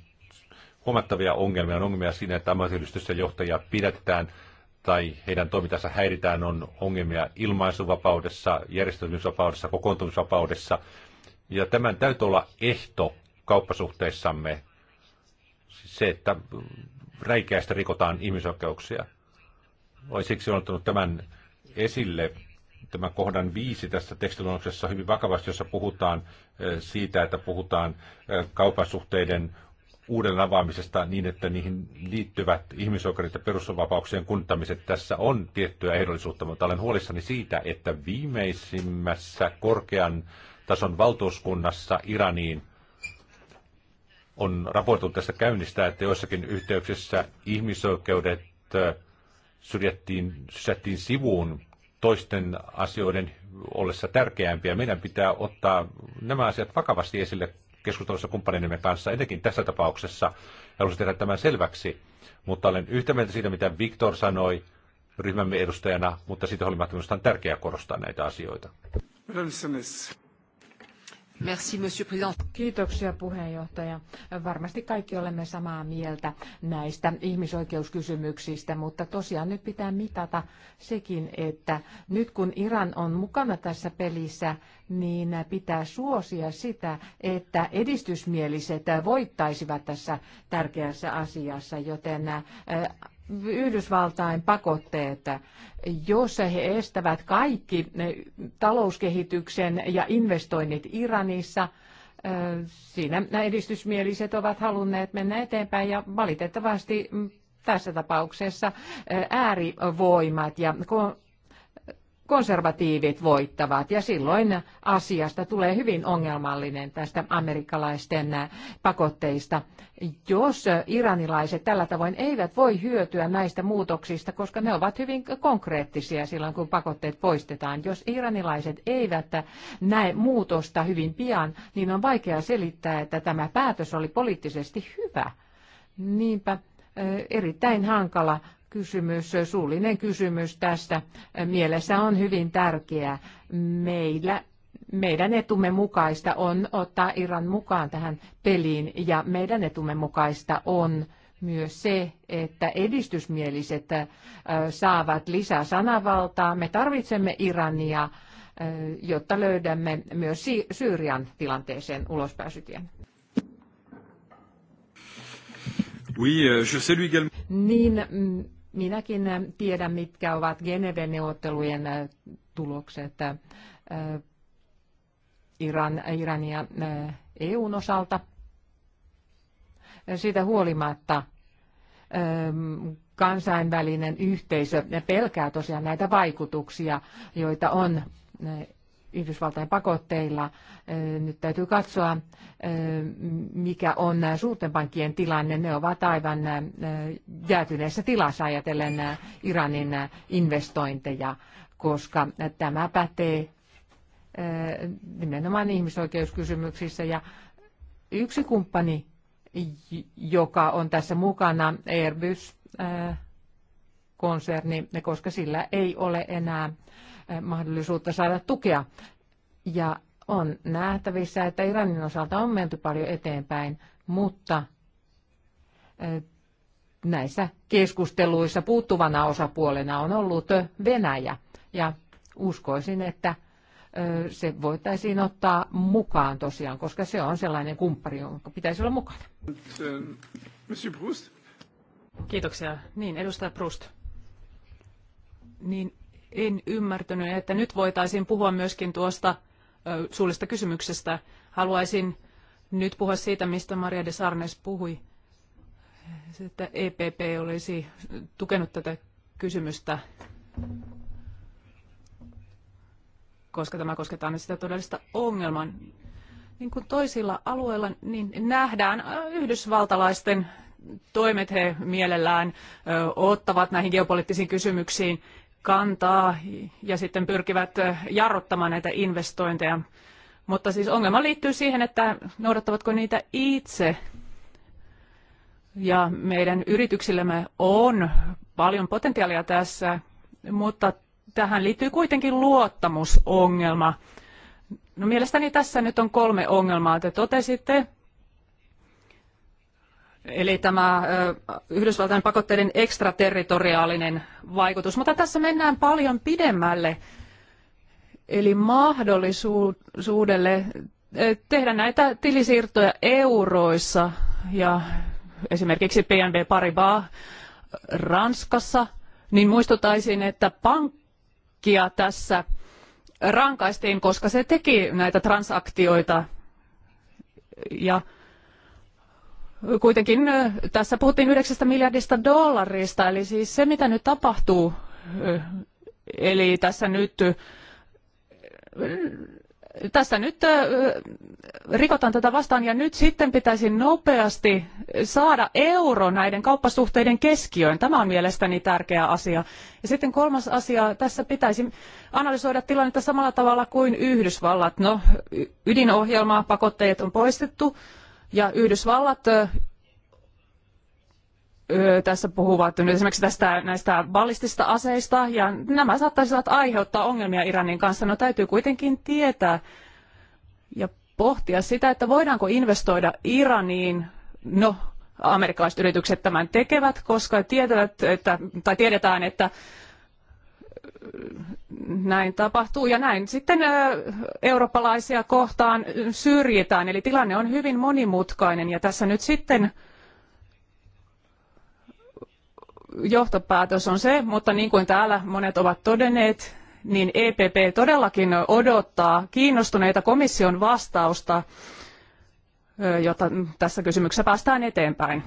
huomattavia ongelmia. On ongelmia siinä, että ammattiyhdistysten johtajia pidätetään tai heidän toimintansa häiritään. On ongelmia ilmaisuvapaudessa, järjestäytymisvapaudessa, kokoontumisvapaudessa. Ja tämän täytyy olla ehto kauppasuhteissamme. Se, että räikeästi rikotaan ihmisoikeuksia. Olen siksi ottanut tämän esille, tämän kohdan viisi tässä tekstiluonnoksessa hyvin vakavasti, jossa puhutaan eh, siitä, että puhutaan eh, suhteiden uuden avaamisesta niin, että niihin liittyvät ihmisoikeudet ja perusvapauksien kunnittamiset. Tässä on tiettyä ehdollisuutta, mutta olen huolissani siitä, että viimeisimmässä korkean tason valtuuskunnassa Iraniin on raportoitu tästä käynnistä, että joissakin yhteyksissä ihmisoikeudet syrjättiin, sysättiin sivuun toisten asioiden ollessa tärkeämpiä. Meidän pitää ottaa nämä asiat vakavasti esille keskustelussa kumppaneidemme kanssa, etenkin tässä tapauksessa. Haluaisin tehdä tämän selväksi, mutta olen yhtä mieltä siitä, mitä Viktor sanoi ryhmämme edustajana, mutta siitä huolimatta minusta on tärkeää korostaa näitä asioita. Merci, monsieur président. Kiitoksia puheenjohtaja. Varmasti kaikki olemme samaa mieltä näistä ihmisoikeuskysymyksistä, mutta tosiaan nyt pitää mitata sekin, että nyt kun Iran on mukana tässä pelissä, niin pitää suosia sitä, että edistysmieliset voittaisivat tässä tärkeässä asiassa, joten Yhdysvaltain pakotteet, jos he estävät kaikki talouskehityksen ja investoinnit Iranissa, siinä nämä edistysmieliset ovat halunneet mennä eteenpäin ja valitettavasti tässä tapauksessa äärivoimat ja konservatiivit voittavat ja silloin asiasta tulee hyvin ongelmallinen tästä amerikkalaisten pakotteista, jos iranilaiset tällä tavoin eivät voi hyötyä näistä muutoksista, koska ne ovat hyvin konkreettisia silloin, kun pakotteet poistetaan. Jos iranilaiset eivät näe muutosta hyvin pian, niin on vaikea selittää, että tämä päätös oli poliittisesti hyvä. Niinpä eh, erittäin hankala kysymys, suullinen kysymys tästä mielessä on hyvin tärkeä. Meillä, meidän etumme mukaista on ottaa Iran mukaan tähän peliin ja meidän etumme mukaista on myös se, että edistysmieliset äh, saavat lisää sanavaltaa. Me tarvitsemme Irania, äh, jotta löydämme myös Syyrian tilanteeseen ulospääsytien. Oui, euh, je salue également. Niin, mm, Minäkin tiedän, mitkä ovat Geneven neuvottelujen äh, tulokset äh, Iran, Irania äh, EUn osalta. Siitä huolimatta ähm, kansainvälinen yhteisö pelkää tosiaan näitä vaikutuksia, joita on Yhdysvaltain pakotteilla. Nyt täytyy katsoa, mikä on suurten pankkien tilanne. Ne ovat aivan jäätyneessä tilassa ajatellen Iranin investointeja, koska tämä pätee nimenomaan ihmisoikeuskysymyksissä. Ja yksi kumppani, joka on tässä mukana, Airbus, konserni, koska sillä ei ole enää Eh, mahdollisuutta saada tukea. Ja on nähtävissä, että Iranin osalta on menty paljon eteenpäin, mutta eh, näissä keskusteluissa puuttuvana osapuolena on ollut eh, Venäjä. Ja uskoisin, että se voitaisiin ottaa mukaan tosiaan, koska se on sellainen kumppari, jonka pitäisi olla mukana. Kiitoksia. Niin, edustaja Proust. Niin en ymmärtänyt, että nyt voitaisiin puhua myöskin tuosta suullisesta kysymyksestä. Haluaisin nyt puhua siitä, mistä Maria de Sarnes puhui, että EPP olisi tukenut tätä kysymystä, koska tämä koskettaa sitä todellista ongelman. Niin kuin toisilla alueilla, niin nähdään yhdysvaltalaisten toimet he mielellään ottavat näihin geopoliittisiin kysymyksiin kantaa ja sitten pyrkivät jarruttamaan näitä investointeja. Mutta siis ongelma liittyy siihen, että noudattavatko niitä itse. Ja meidän yrityksillämme on paljon potentiaalia tässä, mutta tähän liittyy kuitenkin luottamusongelma. No mielestäni tässä nyt on kolme ongelmaa. Te totesitte, Eli tämä Yhdysvaltain pakotteiden ekstraterritoriaalinen vaikutus. Mutta tässä mennään paljon pidemmälle, eli mahdollisuudelle tehdä näitä tilisiirtoja euroissa ja esimerkiksi PNB Paribas Ranskassa, niin muistutaisin, että pankkia tässä rankaistiin, koska se teki näitä transaktioita ja kuitenkin tässä puhuttiin 9 miljardista dollarista, eli siis se mitä nyt tapahtuu, eli tässä nyt tässä nyt rikotaan tätä vastaan ja nyt sitten pitäisi nopeasti saada euro näiden kauppasuhteiden keskiöön. Tämä on mielestäni tärkeä asia. Ja sitten kolmas asia, tässä pitäisi analysoida tilannetta samalla tavalla kuin Yhdysvallat. No, ydinohjelma, pakotteet on poistettu, ja Yhdysvallat tässä puhuvat nyt esimerkiksi tästä, näistä ballistista aseista, ja nämä saattaisivat aiheuttaa ongelmia Iranin kanssa. No täytyy kuitenkin tietää ja pohtia sitä, että voidaanko investoida Iraniin, no amerikkalaiset yritykset tämän tekevät, koska tietävät, että, tai tiedetään, että näin tapahtuu ja näin sitten eurooppalaisia kohtaan syrjitään. Eli tilanne on hyvin monimutkainen ja tässä nyt sitten johtopäätös on se, mutta niin kuin täällä monet ovat todenneet, niin EPP todellakin odottaa kiinnostuneita komission vastausta, jotta tässä kysymyksessä päästään eteenpäin.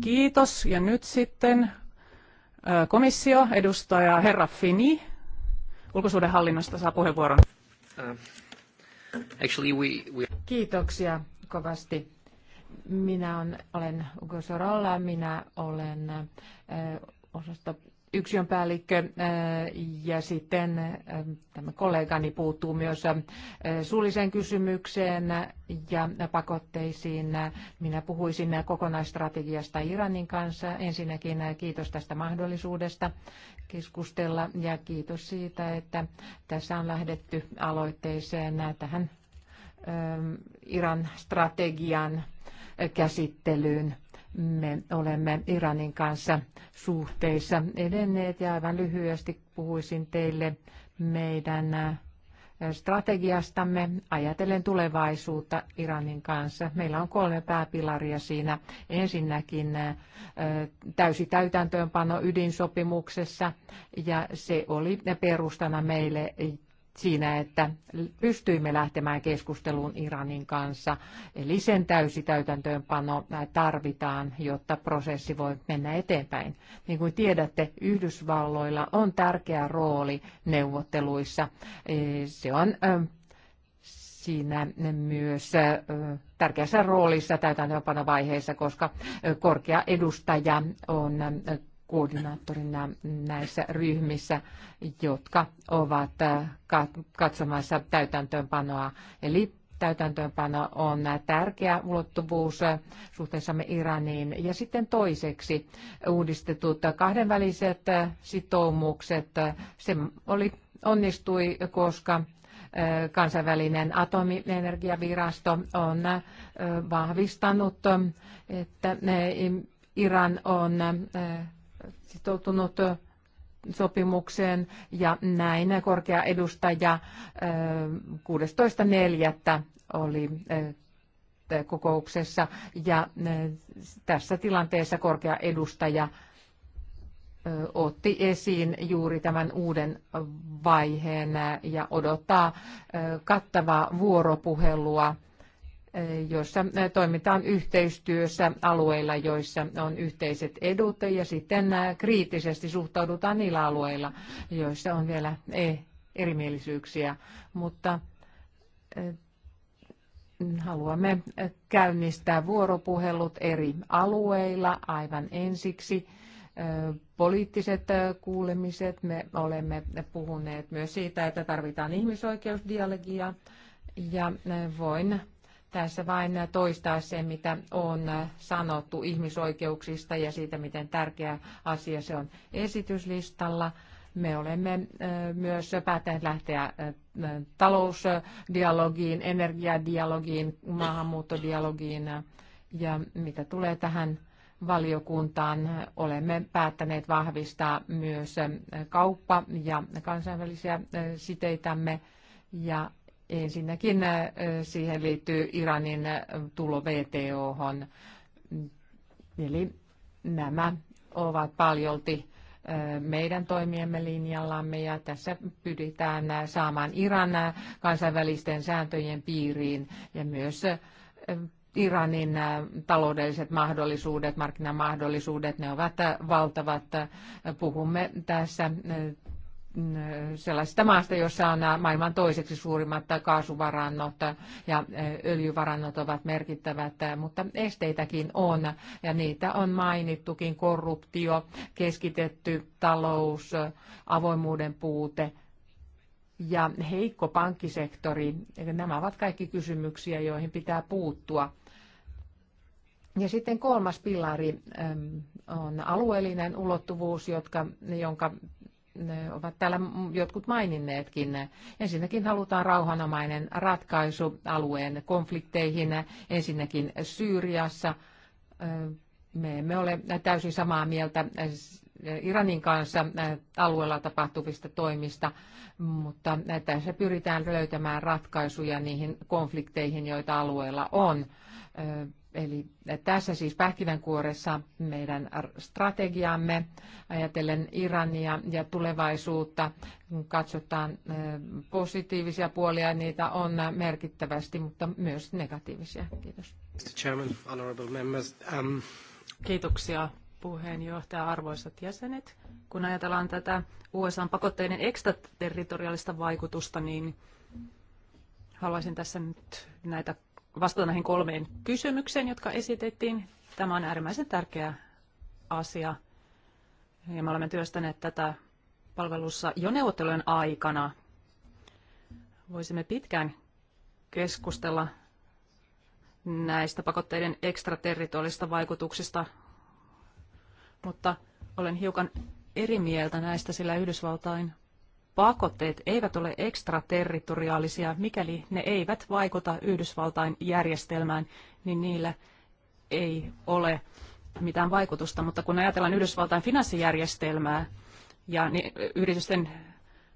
Kiitos ja nyt sitten komissio, edustaja Herra Fini, ulkosuudenhallinnosta saa puheenvuoron. Uh, actually we, we... Kiitoksia kovasti. Minä on, olen Ugo Sorolla, minä olen äh, on päällikkö äh, ja sitten äh, tämä kollegani puuttuu myös äh, suulliseen kysymykseen ja pakotteisiin. Minä puhuisin kokonaistrategiasta Iranin kanssa. Ensinnäkin kiitos tästä mahdollisuudesta keskustella ja kiitos siitä, että tässä on lähdetty aloitteeseen tähän ähm, Iran strategian käsittelyyn me olemme Iranin kanssa suhteissa edenneet ja aivan lyhyesti puhuisin teille meidän strategiastamme ajatellen tulevaisuutta Iranin kanssa. Meillä on kolme pääpilaria siinä. Ensinnäkin täysi täytäntöönpano ydinsopimuksessa ja se oli perustana meille siinä, että pystyimme lähtemään keskusteluun Iranin kanssa. Eli sen täysi täytäntöönpano tarvitaan, jotta prosessi voi mennä eteenpäin. Niin kuin tiedätte, Yhdysvalloilla on tärkeä rooli neuvotteluissa. E, se on siinä myös tärkeässä roolissa täytäntöönpanovaiheessa, koska korkea edustaja on koordinaattorina näissä ryhmissä, jotka ovat äh, katsomassa täytäntöönpanoa. Eli täytäntöönpano on tärkeä ulottuvuus äh, suhteessamme Iraniin. Ja sitten toiseksi uudistetut kahdenväliset äh, sitoumukset. Se oli, onnistui, koska kansainvälinen atomienergiavirasto on vahvistanut, että Iran on sitoutunut sopimukseen ja näin korkea edustaja 16.4. oli kokouksessa ja tässä tilanteessa korkea edustaja otti esiin juuri tämän uuden vaiheen ja odottaa kattavaa vuoropuhelua Eh, Jossa eh, toimitaan yhteistyössä alueilla, joissa on yhteiset edut ja sitten eh, kriittisesti suhtaudutaan niillä alueilla, joissa on vielä erimielisyyksiä, mutta haluamme käynnistää vuoropuhelut eri alueilla aivan ensiksi. Poliittiset kuulemiset, me olemme puhuneet myös siitä, että tarvitaan ihmisoikeusdialogia ja voin tässä vain toistaa se, mitä on sanottu ihmisoikeuksista ja siitä, miten tärkeä asia se on esityslistalla. Me olemme myös päättäneet lähteä talousdialogiin, energiadialogiin, maahanmuuttodialogiin ja mitä tulee tähän valiokuntaan, olemme päättäneet vahvistaa myös kauppa- ja kansainvälisiä siteitämme ja Ensinnäkin äh, siihen liittyy Iranin tulo VTOhon. Eli nämä ovat paljolti äh, meidän toimiemme linjallamme ja tässä pyritään äh, saamaan Iran kansainvälisten sääntöjen piiriin ja myös Iranin taloudelliset mahdollisuudet, markkinamahdollisuudet, ne ovat valtavat. Puhumme tässä Mm, sellaisesta maasta, jossa on äh, maailman toiseksi suurimmat kaasuvarannot äh, ja äh, öljyvarannot ovat merkittävät, mutta esteitäkin on ja niitä on mainittukin korruptio, keskitetty talous, avoimuuden puute ja heikko pankkisektori. Nämä ovat kaikki kysymyksiä, joihin pitää puuttua. Ja sitten kolmas pilari on alueellinen ulottuvuus, jotka, jonka ovat täällä jotkut maininneetkin. Ensinnäkin halutaan rauhanomainen ratkaisu alueen konflikteihin. Ensinnäkin Syyriassa me emme ole täysin samaa mieltä Iranin kanssa alueella tapahtuvista toimista, mutta tässä pyritään löytämään ratkaisuja niihin konflikteihin, joita alueella on. Eli tässä siis pähkinänkuoressa meidän strategiamme ajatellen Irania ja tulevaisuutta. Kun katsotaan positiivisia puolia, niitä on merkittävästi, mutta myös negatiivisia. Kiitos. Mr. Chairman, honorable members, um... Kiitoksia puheenjohtaja, arvoisat jäsenet. Kun ajatellaan tätä USA-pakotteiden ekstraterritoriaalista vaikutusta, niin haluaisin tässä nyt näitä vastata näihin kolmeen kysymykseen, jotka esitettiin. Tämä on äärimmäisen tärkeä asia. Ja me olemme työstäneet tätä palvelussa jo neuvottelujen aikana. Voisimme pitkään keskustella näistä pakotteiden ekstraterritorialista vaikutuksista, mutta olen hiukan eri mieltä näistä, sillä Yhdysvaltain pakotteet eivät ole ekstraterritoriaalisia, mikäli ne eivät vaikuta Yhdysvaltain järjestelmään, niin niillä ei ole mitään vaikutusta. Mutta kun ajatellaan Yhdysvaltain finanssijärjestelmää ja yritysten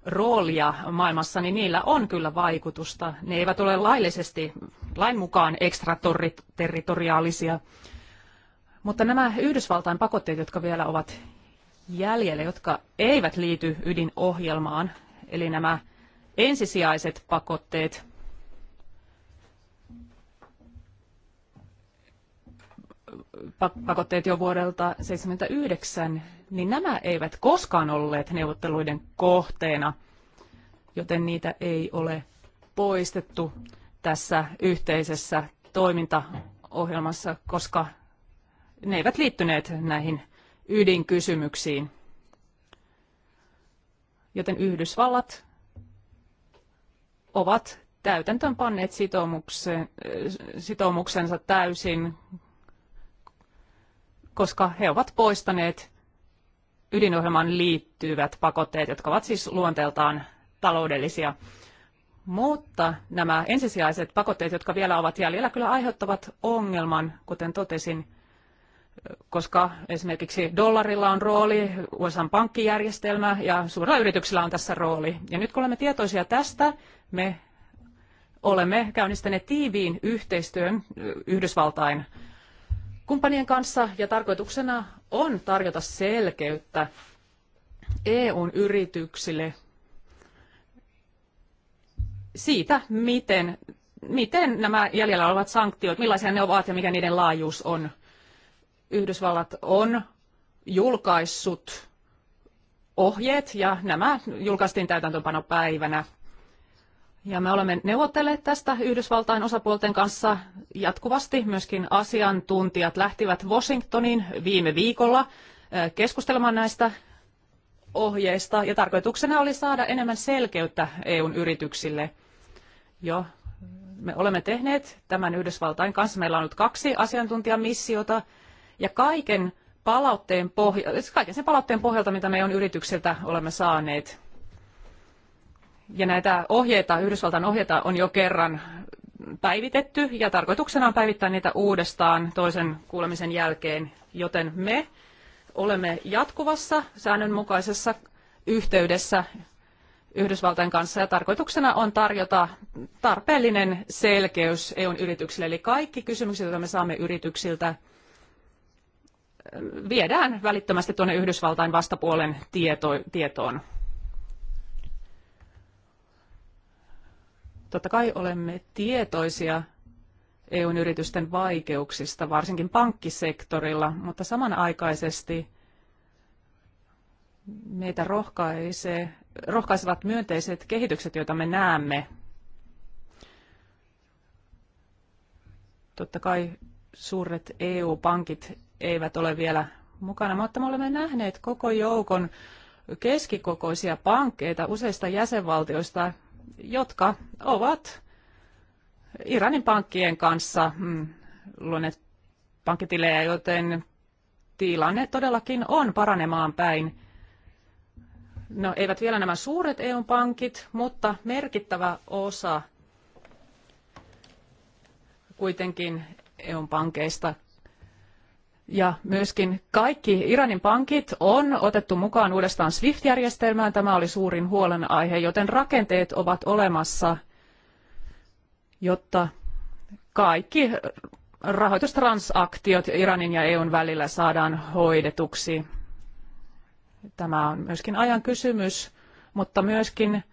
roolia maailmassa, niin niillä on kyllä vaikutusta. Ne eivät ole laillisesti, lain mukaan ekstraterritoriaalisia. Mutta nämä Yhdysvaltain pakotteet, jotka vielä ovat jäljelle, jotka eivät liity ydinohjelmaan, eli nämä ensisijaiset pakotteet. pakotteet jo vuodelta 1979, niin nämä eivät koskaan olleet neuvotteluiden kohteena, joten niitä ei ole poistettu tässä yhteisessä toimintaohjelmassa, koska ne eivät liittyneet näihin ydinkysymyksiin. Joten Yhdysvallat ovat täytäntöön panneet äh, sitoumuksensa täysin, koska he ovat poistaneet ydinohjelmaan liittyvät pakotteet, jotka ovat siis luonteeltaan taloudellisia. Mutta nämä ensisijaiset pakotteet, jotka vielä ovat jäljellä, kyllä aiheuttavat ongelman, kuten totesin, koska esimerkiksi dollarilla on rooli, USA pankkijärjestelmä ja suurilla yrityksillä on tässä rooli. Ja nyt kun olemme tietoisia tästä, me olemme käynnistäneet tiiviin yhteistyön Yhdysvaltain kumppanien kanssa ja tarkoituksena on tarjota selkeyttä EUn yrityksille siitä, miten, miten nämä jäljellä olevat sanktiot, millaisia ne ovat ja mikä niiden laajuus on – Yhdysvallat on julkaissut ohjeet ja nämä julkaistiin täytäntöönpanopäivänä. Ja me olemme neuvotelleet tästä Yhdysvaltain osapuolten kanssa jatkuvasti. Myöskin asiantuntijat lähtivät Washingtoniin viime viikolla keskustelemaan näistä ohjeista ja tarkoituksena oli saada enemmän selkeyttä EUn yrityksille. Jo me olemme tehneet tämän Yhdysvaltain kanssa. Meillä on nyt kaksi asiantuntijamissiota ja kaiken palautteen pohjalta, siis kaiken sen palautteen pohjalta, mitä me on yrityksiltä olemme saaneet. Ja näitä ohjeita, Yhdysvaltain ohjeita on jo kerran päivitetty ja tarkoituksena on päivittää niitä uudestaan toisen kuulemisen jälkeen, joten me olemme jatkuvassa säännönmukaisessa yhteydessä Yhdysvaltain kanssa ja tarkoituksena on tarjota tarpeellinen selkeys EUn yrityksille, eli kaikki kysymykset, joita me saamme yrityksiltä, viedään välittömästi tuonne Yhdysvaltain vastapuolen tieto, tietoon. Totta kai olemme tietoisia EUn yritysten vaikeuksista, varsinkin pankkisektorilla, mutta samanaikaisesti meitä rohkaisee, rohkaisevat myönteiset kehitykset, joita me näemme. Totta kai suuret EU-pankit eivät ole vielä mukana, mutta me olemme nähneet koko joukon keskikokoisia pankkeita useista jäsenvaltioista, jotka ovat Iranin pankkien kanssa mm, luoneet pankkitilejä, joten tilanne todellakin on paranemaan päin. No eivät vielä nämä suuret EU-pankit, mutta merkittävä osa kuitenkin eu pankeista ja myöskin kaikki Iranin pankit on otettu mukaan uudestaan SWIFT-järjestelmään. Tämä oli suurin huolenaihe, joten rakenteet ovat olemassa, jotta kaikki rahoitustransaktiot Iranin ja EUn välillä saadaan hoidetuksi. Tämä on myöskin ajan kysymys, mutta myöskin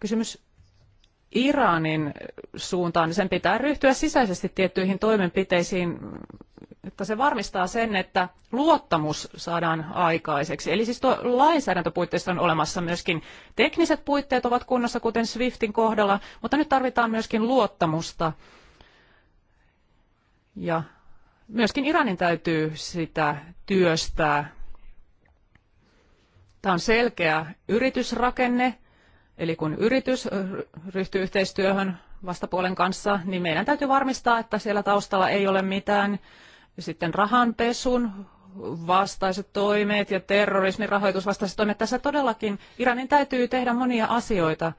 kysymys Iranin suuntaan. Sen pitää ryhtyä sisäisesti tiettyihin toimenpiteisiin että se varmistaa sen, että luottamus saadaan aikaiseksi. Eli siis tuo lainsäädäntöpuitteista on olemassa myöskin tekniset puitteet ovat kunnossa, kuten Swiftin kohdalla, mutta nyt tarvitaan myöskin luottamusta. Ja myöskin Iranin täytyy sitä työstää. Tämä on selkeä yritysrakenne, eli kun yritys ryhtyy yhteistyöhön vastapuolen kanssa, niin meidän täytyy varmistaa, että siellä taustalla ei ole mitään sitten rahanpesun vastaiset toimet ja terrorismin rahoitusvastaiset toimet. Tässä todellakin Iranin täytyy tehdä monia asioita,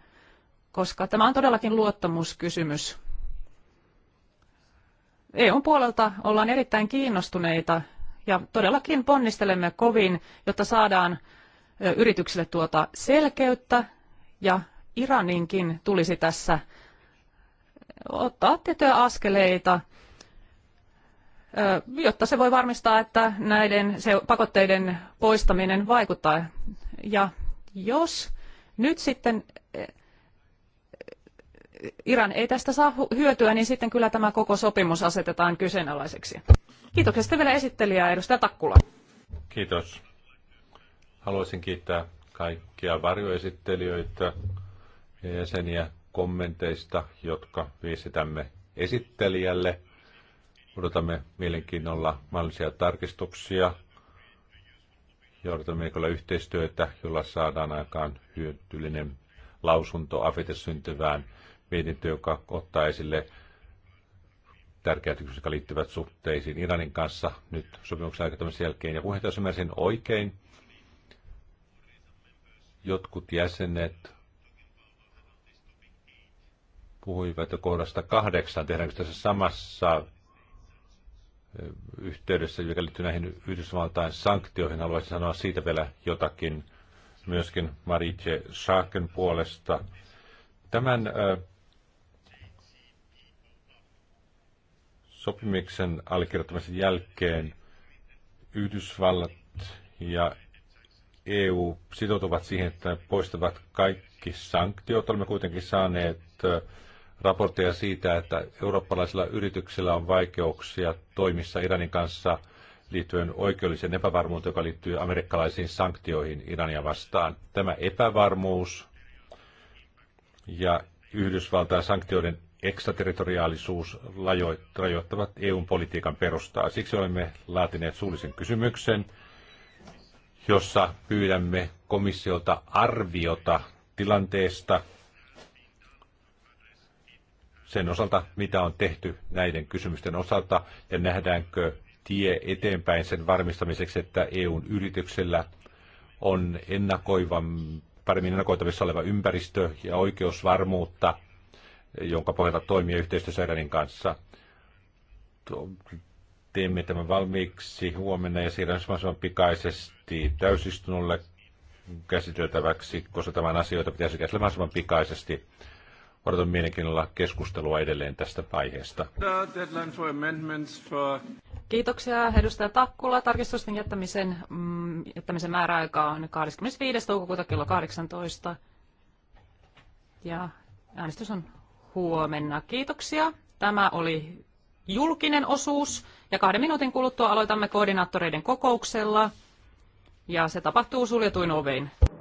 koska tämä on todellakin luottamuskysymys. EUn puolelta ollaan erittäin kiinnostuneita ja todellakin ponnistelemme kovin, jotta saadaan yrityksille tuota selkeyttä ja Iraninkin tulisi tässä ottaa tiettyjä askeleita – jotta se voi varmistaa, että näiden pakotteiden poistaminen vaikuttaa. Ja jos nyt sitten Iran ei tästä saa hyötyä, niin sitten kyllä tämä koko sopimus asetetaan kyseenalaiseksi. Kiitoksia sitten vielä esittelijää, edustaja Takkula. Kiitos. Haluaisin kiittää kaikkia varjoesittelijöitä ja jäseniä kommenteista, jotka viestitämme esittelijälle. Odotamme mielenkiinnolla mahdollisia tarkistuksia ja odotamme yhteistyötä, jolla saadaan aikaan hyödyllinen lausunto Afite syntyvään mietintöön, joka ottaa esille tärkeät kysymykset, jotka liittyvät suhteisiin Iranin kanssa nyt sopimuksen aikataulun jälkeen. Ja puheenjohtaja, jos oikein, jotkut jäsenet puhuivat jo kohdasta kahdeksan, tehdäänkö tässä samassa yhteydessä, joka liittyy näihin Yhdysvaltain sanktioihin. Haluaisin sanoa siitä vielä jotakin myöskin Marije Schaken puolesta. Tämän sopimuksen allekirjoittamisen jälkeen Yhdysvallat ja EU sitoutuvat siihen, että poistavat kaikki sanktiot. Olemme kuitenkin saaneet raportteja siitä, että eurooppalaisilla yrityksillä on vaikeuksia toimissa Iranin kanssa liittyen oikeudelliseen epävarmuuteen, joka liittyy amerikkalaisiin sanktioihin Irania vastaan. Tämä epävarmuus ja Yhdysvaltain sanktioiden ekstraterritoriaalisuus rajoittavat EUn politiikan perustaa. Siksi olemme laatineet suullisen kysymyksen, jossa pyydämme komissiolta arviota tilanteesta – sen osalta, mitä on tehty näiden kysymysten osalta ja nähdäänkö tie eteenpäin sen varmistamiseksi, että EUn yrityksellä on ennakoivan, paremmin ennakoitavissa oleva ympäristö ja oikeusvarmuutta, jonka pohjalta toimia yhteistyösäädännön kanssa. Teemme tämän valmiiksi huomenna ja siirrymme mahdollisimman pikaisesti täysistunnolle käsiteltäväksi, koska tämän asioita pitäisi käsitellä mahdollisimman pikaisesti odotan mielenkiinnolla keskustelua edelleen tästä aiheesta. Kiitoksia edustaja Takkula. Tarkistusten jättämisen, mm, jättämisen määräaika on 25. toukokuuta kello 18. Ja äänestys on huomenna. Kiitoksia. Tämä oli julkinen osuus. Ja kahden minuutin kuluttua aloitamme koordinaattoreiden kokouksella. Ja se tapahtuu suljetuin ovein.